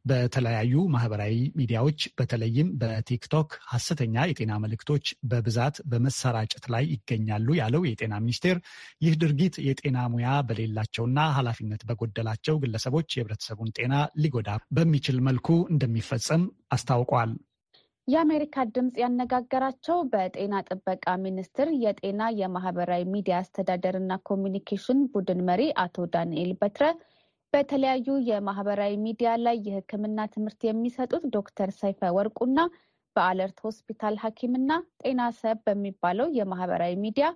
በተለያዩ ማህበራዊ ሚዲያዎች በተለይም በቲክቶክ ሀሰተኛ የጤና መልእክቶች በብዛት በመሰራጨት ላይ ይገኛሉ ያለው የጤና ሚኒስቴር ይህ ድርጊት የጤና ሙያ በሌላቸውና ኃላፊነት በጎደላቸው ግለሰቦች የህብረተሰቡን ጤና ሊጎዳ በሚችል መልኩ እንደሚፈጸም አስታውቋል። የአሜሪካ ድምፅ ያነጋገራቸው በጤና ጥበቃ ሚኒስቴር የጤና የማህበራዊ ሚዲያ አስተዳደርና ኮሚኒኬሽን ቡድን መሪ አቶ ዳንኤል በትረ በተለያዩ የማህበራዊ ሚዲያ ላይ የሕክምና ትምህርት የሚሰጡት ዶክተር ሰይፈ ወርቁና በአለርት ሆስፒታል ሐኪምና ጤና ሰብ በሚባለው የማህበራዊ ሚዲያ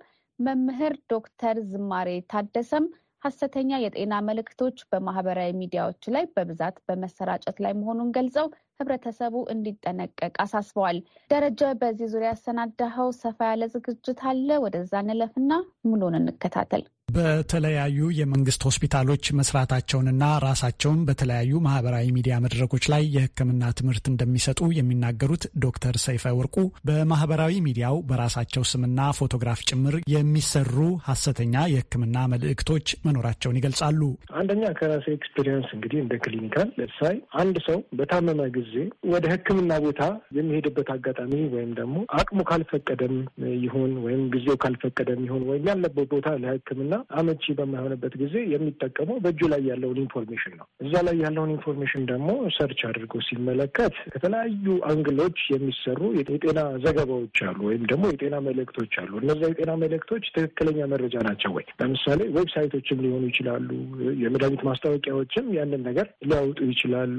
መምህር ዶክተር ዝማሬ ታደሰም ሀሰተኛ የጤና መልእክቶች በማህበራዊ ሚዲያዎች ላይ በብዛት በመሰራጨት ላይ መሆኑን ገልጸው ህብረተሰቡ እንዲጠነቀቅ አሳስበዋል። ደረጃ በዚህ ዙሪያ ያሰናዳኸው ሰፋ ያለ ዝግጅት አለ። ወደዛ ንለፍና ሙሉን እንከታተል። በተለያዩ የመንግስት ሆስፒታሎች መስራታቸውንና ራሳቸውን በተለያዩ ማህበራዊ ሚዲያ መድረኮች ላይ የሕክምና ትምህርት እንደሚሰጡ የሚናገሩት ዶክተር ሰይፈ ወርቁ በማህበራዊ ሚዲያው በራሳቸው ስምና ፎቶግራፍ ጭምር የሚሰሩ ሀሰተኛ የሕክምና መልእክቶች መኖራቸውን ይገልጻሉ። አንደኛ ከራሴ ኤክስፔሪየንስ እንግዲህ እንደ ክሊኒካል ለሳይ አንድ ሰው በታመመ ጊዜ ወደ ሕክምና ቦታ የሚሄድበት አጋጣሚ ወይም ደግሞ አቅሙ ካልፈቀደም ይሁን ወይም ጊዜው ካልፈቀደም ይሁን ወይም ያለበት ቦታ ለሕክምና አመቺ በማይሆንበት ጊዜ የሚጠቀመው በእጁ ላይ ያለውን ኢንፎርሜሽን ነው። እዛ ላይ ያለውን ኢንፎርሜሽን ደግሞ ሰርች አድርጎ ሲመለከት ከተለያዩ አንግሎች የሚሰሩ የጤና ዘገባዎች አሉ፣ ወይም ደግሞ የጤና መልእክቶች አሉ። እነዚ የጤና መልእክቶች ትክክለኛ መረጃ ናቸው ወይ? ለምሳሌ ዌብሳይቶችም ሊሆኑ ይችላሉ፣ የመድኃኒት ማስታወቂያዎችም ያንን ነገር ሊያውጡ ይችላሉ።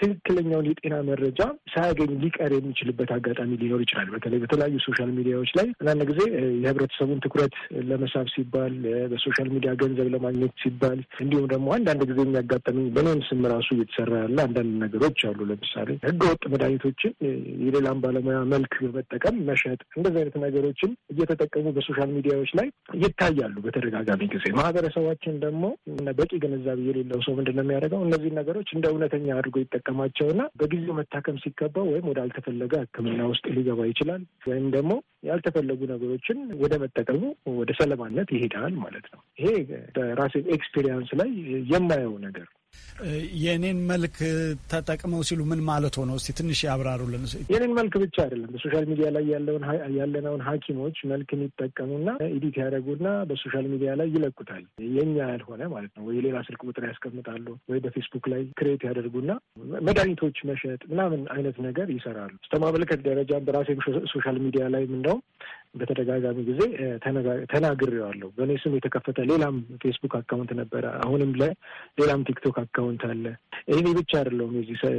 ትክክለኛውን የጤና መረጃ ሳያገኝ ሊቀር የሚችልበት አጋጣሚ ሊኖር ይችላል። በተለይ በተለያዩ ሶሻል ሚዲያዎች ላይ አንዳንድ ጊዜ የህብረተሰቡን ትኩረት ለመሳብ ሲባል በሶሻል ሚዲያ ገንዘብ ለማግኘት ሲባል እንዲሁም ደግሞ አንዳንድ ጊዜ የሚያጋጠሙ በኔም ስም ራሱ እየተሰራ ያለ አንዳንድ ነገሮች አሉ። ለምሳሌ ህገወጥ መድኃኒቶችን የሌላም ባለሙያ መልክ በመጠቀም መሸጥ፣ እንደዚህ አይነት ነገሮችን እየተጠቀሙ በሶሻል ሚዲያዎች ላይ ይታያሉ በተደጋጋሚ ጊዜ። ማህበረሰባችን ደግሞ በቂ ግንዛቤ የሌለው ሰው ምንድን ነው የሚያደርገው? እነዚህን ነገሮች እንደ እውነተኛ አድርጎ የሚጠቀማቸውና በጊዜው መታከም ሲገባው ወይም ወደ አልተፈለገ ሕክምና ውስጥ ሊገባ ይችላል ወይም ደግሞ ያልተፈለጉ ነገሮችን ወደ መጠቀሙ ወደ ሰለባነት ይሄዳል ማለት ነው። ይሄ በራሴ ኤክስፔሪንስ ላይ የማየው ነገር የእኔን መልክ ተጠቅመው ሲሉ ምን ማለት ሆነው እስቲ ትንሽ ያብራሩልን። የእኔን መልክ ብቻ አይደለም፣ በሶሻል ሚዲያ ላይ ያለውን ያለነውን ሐኪሞች መልክ የሚጠቀሙና ኢዲት ያደረጉና በሶሻል ሚዲያ ላይ ይለቁታል። የኛ ያልሆነ ማለት ነው። ወይ ሌላ ስልክ ቁጥር ያስቀምጣሉ፣ ወይ በፌስቡክ ላይ ክሬት ያደርጉና መድኃኒቶች መሸጥ ምናምን አይነት ነገር ይሰራሉ። እስከ ደረጃ በራሴ ሶሻል ሚዲያ ላይ እንደውም በተደጋጋሚ ጊዜ ተናግሬዋለሁ። በእኔ ስም የተከፈተ ሌላም ፌስቡክ አካውንት ነበረ። አሁንም ሌላም ቲክቶክ አካውንት አለ። ይህ ብቻ አይደለውም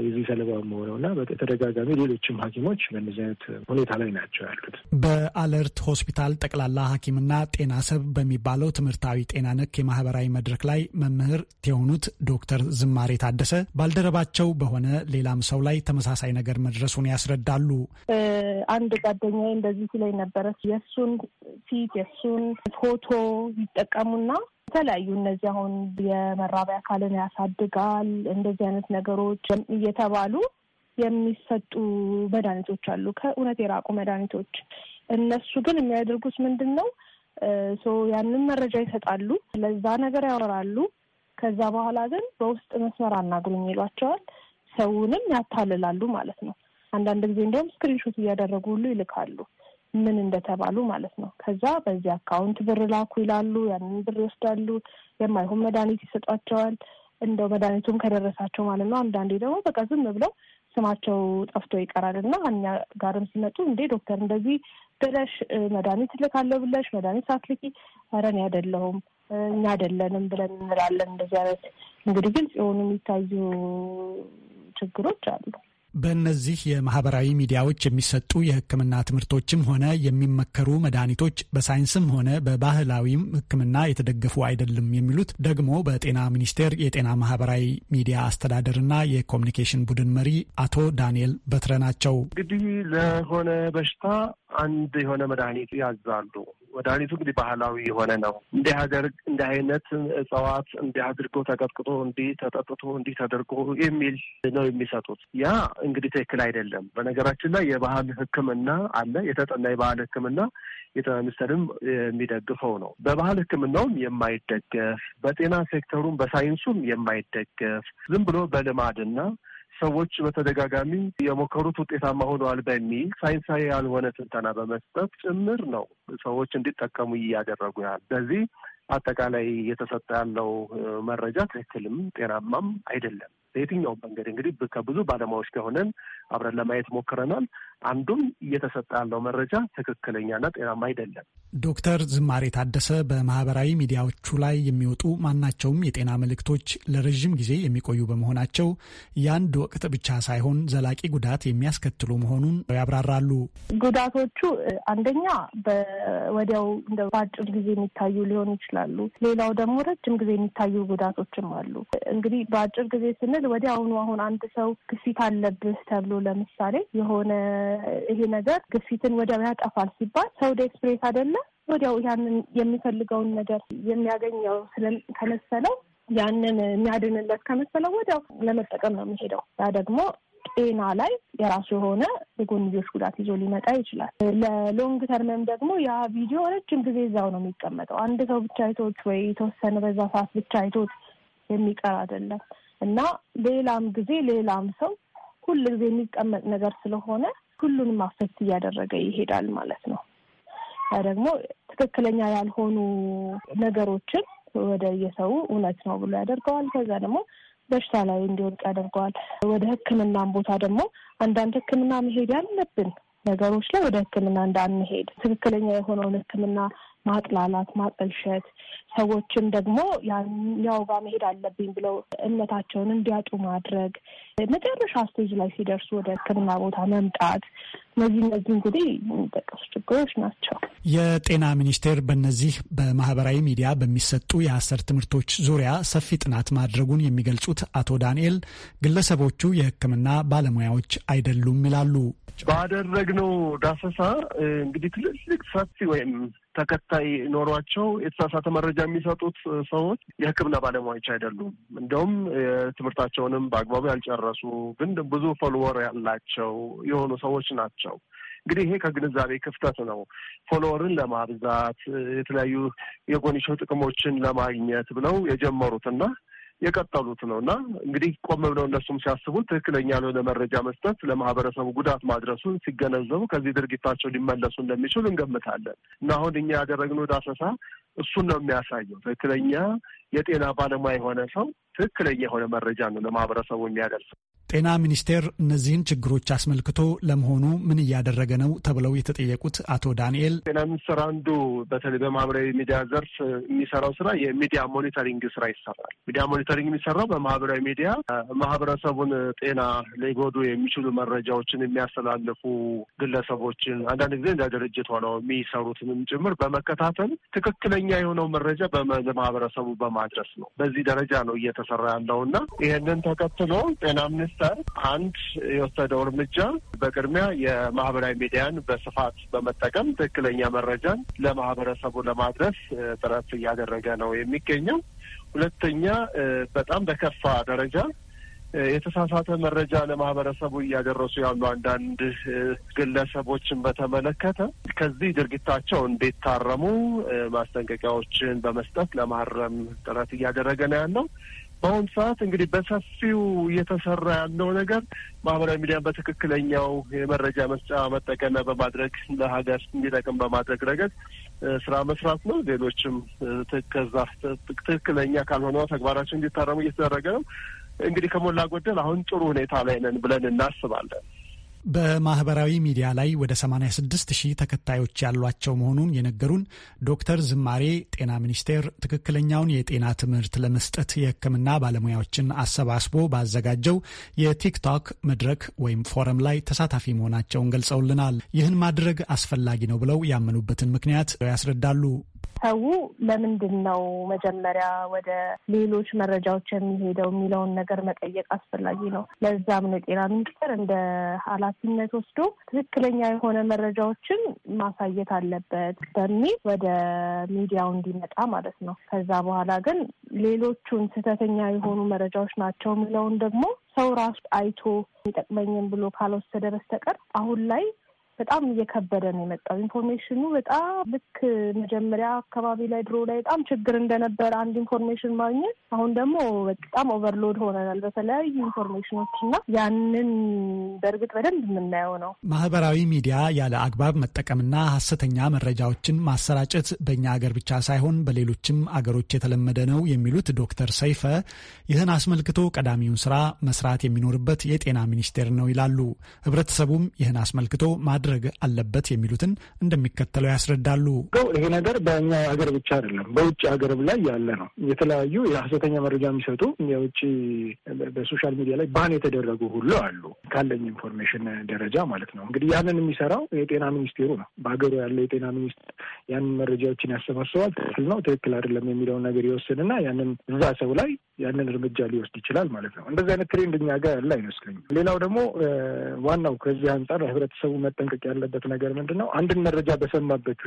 የዚህ ሰለባ መሆነው እና በተደጋጋሚ ሌሎችም ሐኪሞች በእነዚህ አይነት ሁኔታ ላይ ናቸው ያሉት። በአለርት ሆስፒታል ጠቅላላ ሐኪምና ጤና ሰብ በሚባለው ትምህርታዊ ጤና ነክ የማህበራዊ መድረክ ላይ መምህር የሆኑት ዶክተር ዝማሬ ታደሰ ባልደረባቸው በሆነ ሌላም ሰው ላይ ተመሳሳይ ነገር መድረሱን ያስረዳሉ። አንድ ጓደኛዬ እንደዚህ ሲለኝ ነበረ። የእሱን ፊት የእሱን ፎቶ ይጠቀሙና የተለያዩ እነዚህ አሁን የመራቢያ አካልን ያሳድጋል እንደዚህ አይነት ነገሮች እየተባሉ የሚሰጡ መድኃኒቶች አሉ፣ ከእውነት የራቁ መድኃኒቶች። እነሱ ግን የሚያደርጉት ምንድን ነው? ያንን መረጃ ይሰጣሉ፣ ለዛ ነገር ያወራሉ። ከዛ በኋላ ግን በውስጥ መስመር አናግሩኝ ይሏቸዋል። ሰውንም ያታልላሉ ማለት ነው። አንዳንድ ጊዜ እንዲሁም ስክሪንሾት እያደረጉ ሁሉ ይልካሉ። ምን እንደተባሉ ማለት ነው። ከዛ በዚህ አካውንት ብር ላኩ ይላሉ። ያንን ብር ይወስዳሉ። የማይሆን መድኃኒት ይሰጧቸዋል። እንደው መድኃኒቱም ከደረሳቸው ማለት ነው። አንዳንዴ ደግሞ በቃ ዝም ብለው ስማቸው ጠፍቶ ይቀራል እና እኛ ጋርም ሲመጡ እንዴ ዶክተር እንደዚህ ብለሽ መድኃኒት እልካለሁ ብለሽ መድኃኒት ሳትልኪ ኧረ እኔ አይደለሁም እኛ አይደለንም ብለን እንላለን። እንደዚህ አይነት እንግዲህ ግልጽ የሆኑ የሚታዩ ችግሮች አሉ። በእነዚህ የማህበራዊ ሚዲያዎች የሚሰጡ የሕክምና ትምህርቶችም ሆነ የሚመከሩ መድኃኒቶች በሳይንስም ሆነ በባህላዊም ሕክምና የተደገፉ አይደለም የሚሉት ደግሞ በጤና ሚኒስቴር የጤና ማህበራዊ ሚዲያ አስተዳደርና የኮሚኒኬሽን ቡድን መሪ አቶ ዳንኤል በትረ ናቸው። እንግዲህ ለሆነ በሽታ አንድ የሆነ መድኃኒት ያዛሉ። መድኃኒቱ እንግዲህ ባህላዊ የሆነ ነው። እንዲህ ሀገር እንዲህ አይነት እጽዋት እንዲህ አድርጎ ተቀጥቅጦ እንዲህ ተጠጥቶ እንዲህ ተደርጎ የሚል ነው የሚሰጡት። ያ እንግዲህ ትክክል አይደለም። በነገራችን ላይ የባህል ሕክምና አለ የተጠና የባህል ሕክምና የጤና ሚኒስቴርም የሚደግፈው ነው። በባህል ሕክምናውም የማይደገፍ በጤና ሴክተሩም በሳይንሱም የማይደገፍ ዝም ብሎ በልማድና ሰዎች በተደጋጋሚ የሞከሩት ውጤታማ ሆነዋል በሚል ሳይንሳዊ ያልሆነ ስልጠና በመስጠት ጭምር ነው ሰዎች እንዲጠቀሙ እያደረጉ ያል። ስለዚህ አጠቃላይ እየተሰጠ ያለው መረጃ ትክክልም ጤናማም አይደለም። በየትኛውም መንገድ እንግዲህ ከብዙ ባለሙያዎች ጋር ሆነን አብረን ለማየት ሞክረናል። አንዱም እየተሰጠ ያለው መረጃ ትክክለኛና ጤናማ አይደለም። ዶክተር ዝማሬ ታደሰ በማህበራዊ ሚዲያዎቹ ላይ የሚወጡ ማናቸውም የጤና መልእክቶች ለረዥም ጊዜ የሚቆዩ በመሆናቸው የአንድ ወቅት ብቻ ሳይሆን ዘላቂ ጉዳት የሚያስከትሉ መሆኑን ያብራራሉ። ጉዳቶቹ አንደኛ በወዲያው እንደ በአጭር ጊዜ የሚታዩ ሊሆኑ ይችላል ይችላሉ። ሌላው ደግሞ ረጅም ጊዜ የሚታዩ ጉዳቶችም አሉ። እንግዲህ በአጭር ጊዜ ስንል ወዲያውኑ አሁን አንድ ሰው ግፊት አለብህ ተብሎ ለምሳሌ የሆነ ይሄ ነገር ግፊትን ወዲያው ያጠፋል ሲባል ሰው ኤክስፕሬስ አይደለ ወዲያው ያንን የሚፈልገውን ነገር የሚያገኘው ከመሰለው ያንን የሚያድንለት ከመሰለው ወዲያው ለመጠቀም ነው የሚሄደው። ያ ደግሞ ጤና ላይ የራሱ የሆነ የጎንዮሽ ጉዳት ይዞ ሊመጣ ይችላል። ለሎንግ ተርምም ደግሞ ያ ቪዲዮ ረጅም ጊዜ እዛው ነው የሚቀመጠው። አንድ ሰው ብቻ አይቶት ወይ የተወሰነ በዛ ሰዓት ብቻ አይቶት የሚቀር አይደለም እና ሌላም ጊዜ ሌላም ሰው ሁል ጊዜ የሚቀመጥ ነገር ስለሆነ ሁሉንም አፈት እያደረገ ይሄዳል ማለት ነው። ያ ደግሞ ትክክለኛ ያልሆኑ ነገሮችን ወደ የሰው እውነት ነው ብሎ ያደርገዋል። ከዛ ደግሞ በሽታ ላይ እንዲወድቅ ያደርገዋል። ወደ ሕክምናም ቦታ ደግሞ አንዳንድ ሕክምና መሄድ ያለብን ነገሮች ላይ ወደ ሕክምና እንዳንሄድ ትክክለኛ የሆነውን ሕክምና ማጥላላት፣ ማጠልሸት ሰዎችን ደግሞ ያው ጋር መሄድ አለብኝ ብለው እምነታቸውን እንዲያጡ ማድረግ፣ መጨረሻ ስቴጅ ላይ ሲደርሱ ወደ ሕክምና ቦታ መምጣት፣ እነዚህ እነዚህ እንግዲህ የሚጠቀሱ ችግሮች ናቸው። የጤና ሚኒስቴር በእነዚህ በማህበራዊ ሚዲያ በሚሰጡ የአስር ትምህርቶች ዙሪያ ሰፊ ጥናት ማድረጉን የሚገልጹት አቶ ዳንኤል ግለሰቦቹ የሕክምና ባለሙያዎች አይደሉም ይላሉ። ባደረግነው ዳሰሳ እንግዲህ ትልልቅ ሰፊ ወይም ተከታይ ኖሯቸው የተሳሳተ መረጃ የሚሰጡት ሰዎች የሕክምና ባለሙያዎች አይደሉም። እንደውም ትምህርታቸውንም በአግባቡ ያልጨረሱ ግን ብዙ ፎሎወር ያላቸው የሆኑ ሰዎች ናቸው። እንግዲህ ይሄ ከግንዛቤ ክፍተት ነው። ፎሎወርን ለማብዛት የተለያዩ የጎንዮሽ ጥቅሞችን ለማግኘት ብለው የጀመሩት እና የቀጠሉት ነው እና እንግዲህ ቆም ብለው እነሱም ሲያስቡ ትክክለኛ ያልሆነ መረጃ መስጠት ለማህበረሰቡ ጉዳት ማድረሱን ሲገነዘቡ ከዚህ ድርጊታቸው ሊመለሱ እንደሚችሉ እንገምታለን እና አሁን እኛ ያደረግነው ዳሰሳ እሱን ነው የሚያሳየው። ትክክለኛ የጤና ባለሙያ የሆነ ሰው ትክክለኛ የሆነ መረጃ ነው ለማህበረሰቡ የሚያደርሰው። ጤና ሚኒስቴር እነዚህን ችግሮች አስመልክቶ ለመሆኑ ምን እያደረገ ነው ተብለው የተጠየቁት አቶ ዳንኤል ጤና ሚኒስቴር አንዱ በተለይ በማህበራዊ ሚዲያ ዘርፍ የሚሰራው ስራ የሚዲያ ሞኒተሪንግ ስራ ይሰራል። ሚዲያ ሞኒተሪንግ የሚሰራው በማህበራዊ ሚዲያ ማህበረሰቡን ጤና ሊጎዱ የሚችሉ መረጃዎችን የሚያስተላልፉ ግለሰቦችን አንዳንድ ጊዜ እንደ ድርጅት ሆነው የሚሰሩትንም ጭምር በመከታተል ትክክለኛ የሆነው መረጃ ለማህበረሰቡ በማድረስ ነው። በዚህ ደረጃ ነው እየተሰራ ያለው እና ይህንን ተከትሎ ጤና ሚኒስ ሚኒስተር አንድ የወሰደው እርምጃ በቅድሚያ የማህበራዊ ሚዲያን በስፋት በመጠቀም ትክክለኛ መረጃን ለማህበረሰቡ ለማድረስ ጥረት እያደረገ ነው የሚገኘው። ሁለተኛ በጣም በከፋ ደረጃ የተሳሳተ መረጃ ለማህበረሰቡ እያደረሱ ያሉ አንዳንድ ግለሰቦችን በተመለከተ ከዚህ ድርጊታቸው እንዲታረሙ ማስጠንቀቂያዎችን በመስጠት ለማረም ጥረት እያደረገ ነው ያለው። በአሁኑ ሰዓት እንግዲህ በሰፊው እየተሰራ ያለው ነገር ማህበራዊ ሚዲያን በትክክለኛው የመረጃ መስጫ መጠቀሚያ በማድረግ ለሀገር እንዲጠቅም በማድረግ ረገድ ስራ መስራት ነው። ሌሎችም ከዛ ትክክለኛ ካልሆነ ተግባራቸው እንዲታረሙ እየተደረገ ነው። እንግዲህ ከሞላ ጎደል አሁን ጥሩ ሁኔታ ላይ ነን ብለን እናስባለን። በማህበራዊ ሚዲያ ላይ ወደ 86 ሺህ ተከታዮች ያሏቸው መሆኑን የነገሩን ዶክተር ዝማሬ ጤና ሚኒስቴር ትክክለኛውን የጤና ትምህርት ለመስጠት የሕክምና ባለሙያዎችን አሰባስቦ ባዘጋጀው የቲክቶክ መድረክ ወይም ፎረም ላይ ተሳታፊ መሆናቸውን ገልጸውልናል። ይህን ማድረግ አስፈላጊ ነው ብለው ያመኑበትን ምክንያት ያስረዳሉ። ሰው ለምንድን ነው መጀመሪያ ወደ ሌሎች መረጃዎች የሚሄደው የሚለውን ነገር መጠየቅ አስፈላጊ ነው። ለዛም ነው የጤና ሚኒስቴር እንደ ኃላፊነት ወስዶ ትክክለኛ የሆነ መረጃዎችን ማሳየት አለበት በሚል ወደ ሚዲያው እንዲመጣ ማለት ነው። ከዛ በኋላ ግን ሌሎቹን ስህተተኛ የሆኑ መረጃዎች ናቸው የሚለውን ደግሞ ሰው ራሱ አይቶ የሚጠቅመኝን ብሎ ካልወሰደ በስተቀር አሁን ላይ በጣም እየከበደ ነው የመጣው። ኢንፎርሜሽኑ በጣም ልክ መጀመሪያ አካባቢ ላይ ድሮ ላይ በጣም ችግር እንደነበረ አንድ ኢንፎርሜሽን ማግኘት፣ አሁን ደግሞ በጣም ኦቨርሎድ ሆነናል በተለያዩ ኢንፎርሜሽኖች እና ያንን በእርግጥ በደንብ የምናየው ነው። ማህበራዊ ሚዲያ ያለ አግባብ መጠቀምና ሀሰተኛ መረጃዎችን ማሰራጨት በእኛ ሀገር ብቻ ሳይሆን በሌሎችም አገሮች የተለመደ ነው የሚሉት ዶክተር ሰይፈ ይህን አስመልክቶ ቀዳሚውን ስራ መስራት የሚኖርበት የጤና ሚኒስቴር ነው ይላሉ። ህብረተሰቡም ይህን አስመልክቶ ማድ ማድረግ አለበት የሚሉትን እንደሚከተለው ያስረዳሉ። ይሄ ነገር በእኛ ሀገር ብቻ አይደለም፣ በውጭ ሀገርም ላይ ያለ ነው። የተለያዩ የሀሰተኛ መረጃ የሚሰጡ የውጭ በሶሻል ሚዲያ ላይ ባን የተደረጉ ሁሉ አሉ፣ ካለኝ ኢንፎርሜሽን ደረጃ ማለት ነው። እንግዲህ ያንን የሚሰራው የጤና ሚኒስቴሩ ነው። በሀገሩ ያለ የጤና ሚኒስቴር ያንን መረጃዎችን ያሰባስባል። ትክክል ነው ትክክል አይደለም የሚለውን ነገር ይወስንና ያንን እዛ ሰው ላይ ያንን እርምጃ ሊወስድ ይችላል ማለት ነው። እንደዚህ አይነት ትሬንድ እኛ ጋር ያለ አይመስለኝም። ሌላው ደግሞ ዋናው ከዚህ አንጻር ህብረተሰቡ መጠንቀቅ መጠንቀቅ ያለበት ነገር ምንድን ነው? አንድን መረጃ በሰማበት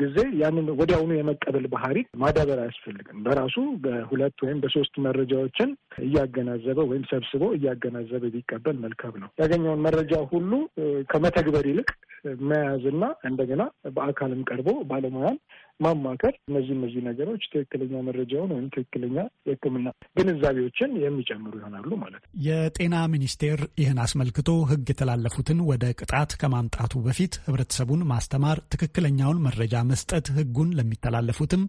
ጊዜ ያንን ወዲያውኑ የመቀበል ባህሪ ማዳበር አያስፈልግም። በራሱ በሁለት ወይም በሶስት መረጃዎችን እያገናዘበ ወይም ሰብስቦ እያገናዘበ ቢቀበል መልካም ነው። ያገኘውን መረጃ ሁሉ ከመተግበር ይልቅ መያዝና እንደገና በአካልም ቀርቦ ባለሙያን ማማከር እነዚህ እነዚህ ነገሮች ትክክለኛ መረጃውን ወይም ትክክለኛ የሕክምና ግንዛቤዎችን የሚጨምሩ ይሆናሉ ማለት ነው። የጤና ሚኒስቴር ይህን አስመልክቶ ሕግ የተላለፉትን ወደ ቅጣት ከማምጣቱ በፊት ህብረተሰቡን ማስተማር፣ ትክክለኛውን መረጃ መስጠት፣ ሕጉን ለሚተላለፉትም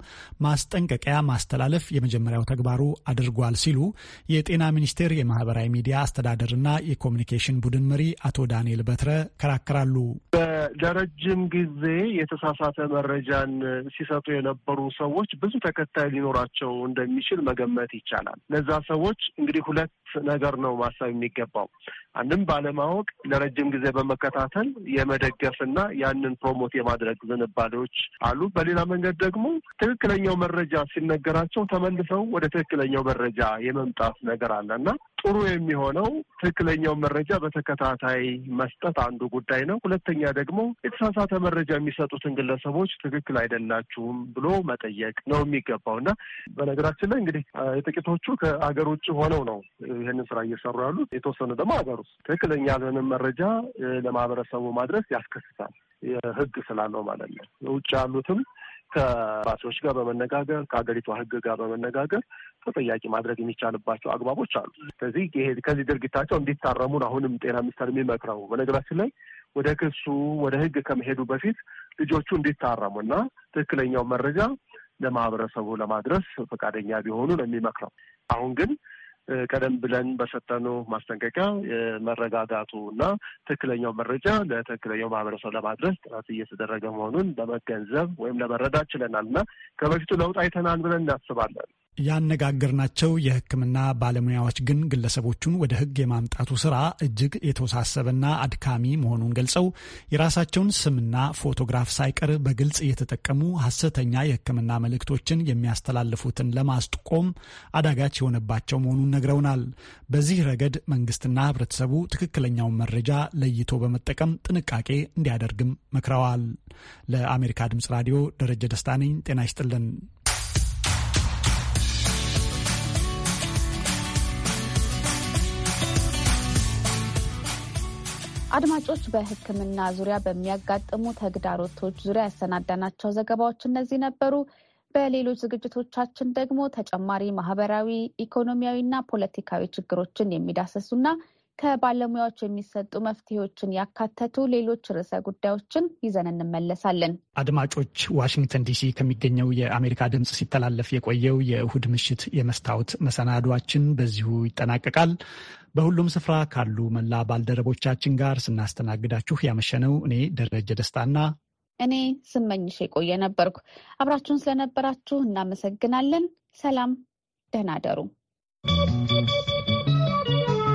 ማስጠንቀቂያ ማስተላለፍ የመጀመሪያው ተግባሩ አድርጓል ሲሉ የጤና ሚኒስቴር የማህበራዊ ሚዲያ አስተዳደርና የኮሚኒኬሽን ቡድን መሪ አቶ ዳንኤል በትረ ከራከራሉ። በረጅም ጊዜ የተሳሳተ መረጃን ሲሰጡ የነበሩ ሰዎች ብዙ ተከታይ ሊኖራቸው እንደሚችል መገመት ይቻላል። እነዛ ሰዎች እንግዲህ ሁለት ነገር ነው ማሰብ የሚገባው። አንድም ባለማወቅ ለረጅም ጊዜ በመከታተል የመደገፍና ያንን ፕሮሞት የማድረግ ዝንባሌዎች አሉ። በሌላ መንገድ ደግሞ ትክክለኛው መረጃ ሲነገራቸው ተመልሰው ወደ ትክክለኛው መረጃ የመምጣት ነገር አለ እና ጥሩ የሚሆነው ትክክለኛው መረጃ በተከታታይ መስጠት አንዱ ጉዳይ ነው። ሁለተኛ ደግሞ የተሳሳተ መረጃ የሚሰጡትን ግለሰቦች ትክክል አይደላችሁም ብሎ መጠየቅ ነው የሚገባው እና በነገራችን ላይ እንግዲህ የጥቂቶቹ ከአገር ውጭ ሆነው ነው ይህንን ስራ እየሰሩ ያሉት፣ የተወሰኑ ደግሞ ሀገር ውስጥ ትክክለኛ ያልሆነን መረጃ ለማህበረሰቡ ማድረስ ያስከስታል። ህግ ስላለው ማለት ነው። ውጭ ያሉትም ከባሲዎች ጋር በመነጋገር ከሀገሪቷ ህግ ጋር በመነጋገር ተጠያቂ ማድረግ የሚቻልባቸው አግባቦች አሉ። ስለዚህ ይሄ ከዚህ ድርጊታቸው እንዲታረሙን አሁንም ጤና ሚኒስቴር የሚመክረው በነገራችን ላይ ወደ ክሱ ወደ ህግ ከመሄዱ በፊት ልጆቹ እንዲታረሙ እና ትክክለኛው መረጃ ለማህበረሰቡ ለማድረስ ፈቃደኛ ቢሆኑ ነው የሚመክረው። አሁን ግን ቀደም ብለን በሰጠኑ ማስጠንቀቂያ የመረጋጋቱ እና ትክክለኛው መረጃ ለትክክለኛው ማህበረሰብ ለማድረስ ጥረት እየተደረገ መሆኑን ለመገንዘብ ወይም ለመረዳት ችለናል እና ከበፊቱ ለውጥ አይተናል ብለን እናስባለን። ያነጋገርናቸው የሕክምና ባለሙያዎች ግን ግለሰቦቹን ወደ ሕግ የማምጣቱ ስራ እጅግ የተወሳሰበና አድካሚ መሆኑን ገልጸው የራሳቸውን ስምና ፎቶግራፍ ሳይቀር በግልጽ እየተጠቀሙ ሐሰተኛ የሕክምና መልእክቶችን የሚያስተላልፉትን ለማስቆም አዳጋች የሆነባቸው መሆኑን ነግረውናል። በዚህ ረገድ መንግስትና ህብረተሰቡ ትክክለኛውን መረጃ ለይቶ በመጠቀም ጥንቃቄ እንዲያደርግም መክረዋል። ለአሜሪካ ድምጽ ራዲዮ ደረጀ ደስታ ነኝ። ጤና ይስጥልን። አድማጮች በሕክምና ዙሪያ በሚያጋጥሙ ተግዳሮቶች ዙሪያ ያሰናዳናቸው ዘገባዎች እነዚህ ነበሩ። በሌሎች ዝግጅቶቻችን ደግሞ ተጨማሪ ማህበራዊ፣ ኢኮኖሚያዊና ፖለቲካዊ ችግሮችን የሚዳሰሱና ከባለሙያዎች የሚሰጡ መፍትሄዎችን ያካተቱ ሌሎች ርዕሰ ጉዳዮችን ይዘን እንመለሳለን። አድማጮች፣ ዋሽንግተን ዲሲ ከሚገኘው የአሜሪካ ድምፅ ሲተላለፍ የቆየው የእሁድ ምሽት የመስታወት መሰናዷችን በዚሁ ይጠናቀቃል። በሁሉም ስፍራ ካሉ መላ ባልደረቦቻችን ጋር ስናስተናግዳችሁ ያመሸነው እኔ ደረጀ ደስታና እኔ ስመኝሽ የቆየ ነበርኩ። አብራችሁን ስለነበራችሁ እናመሰግናለን። ሰላም፣ ደህና ደሩ።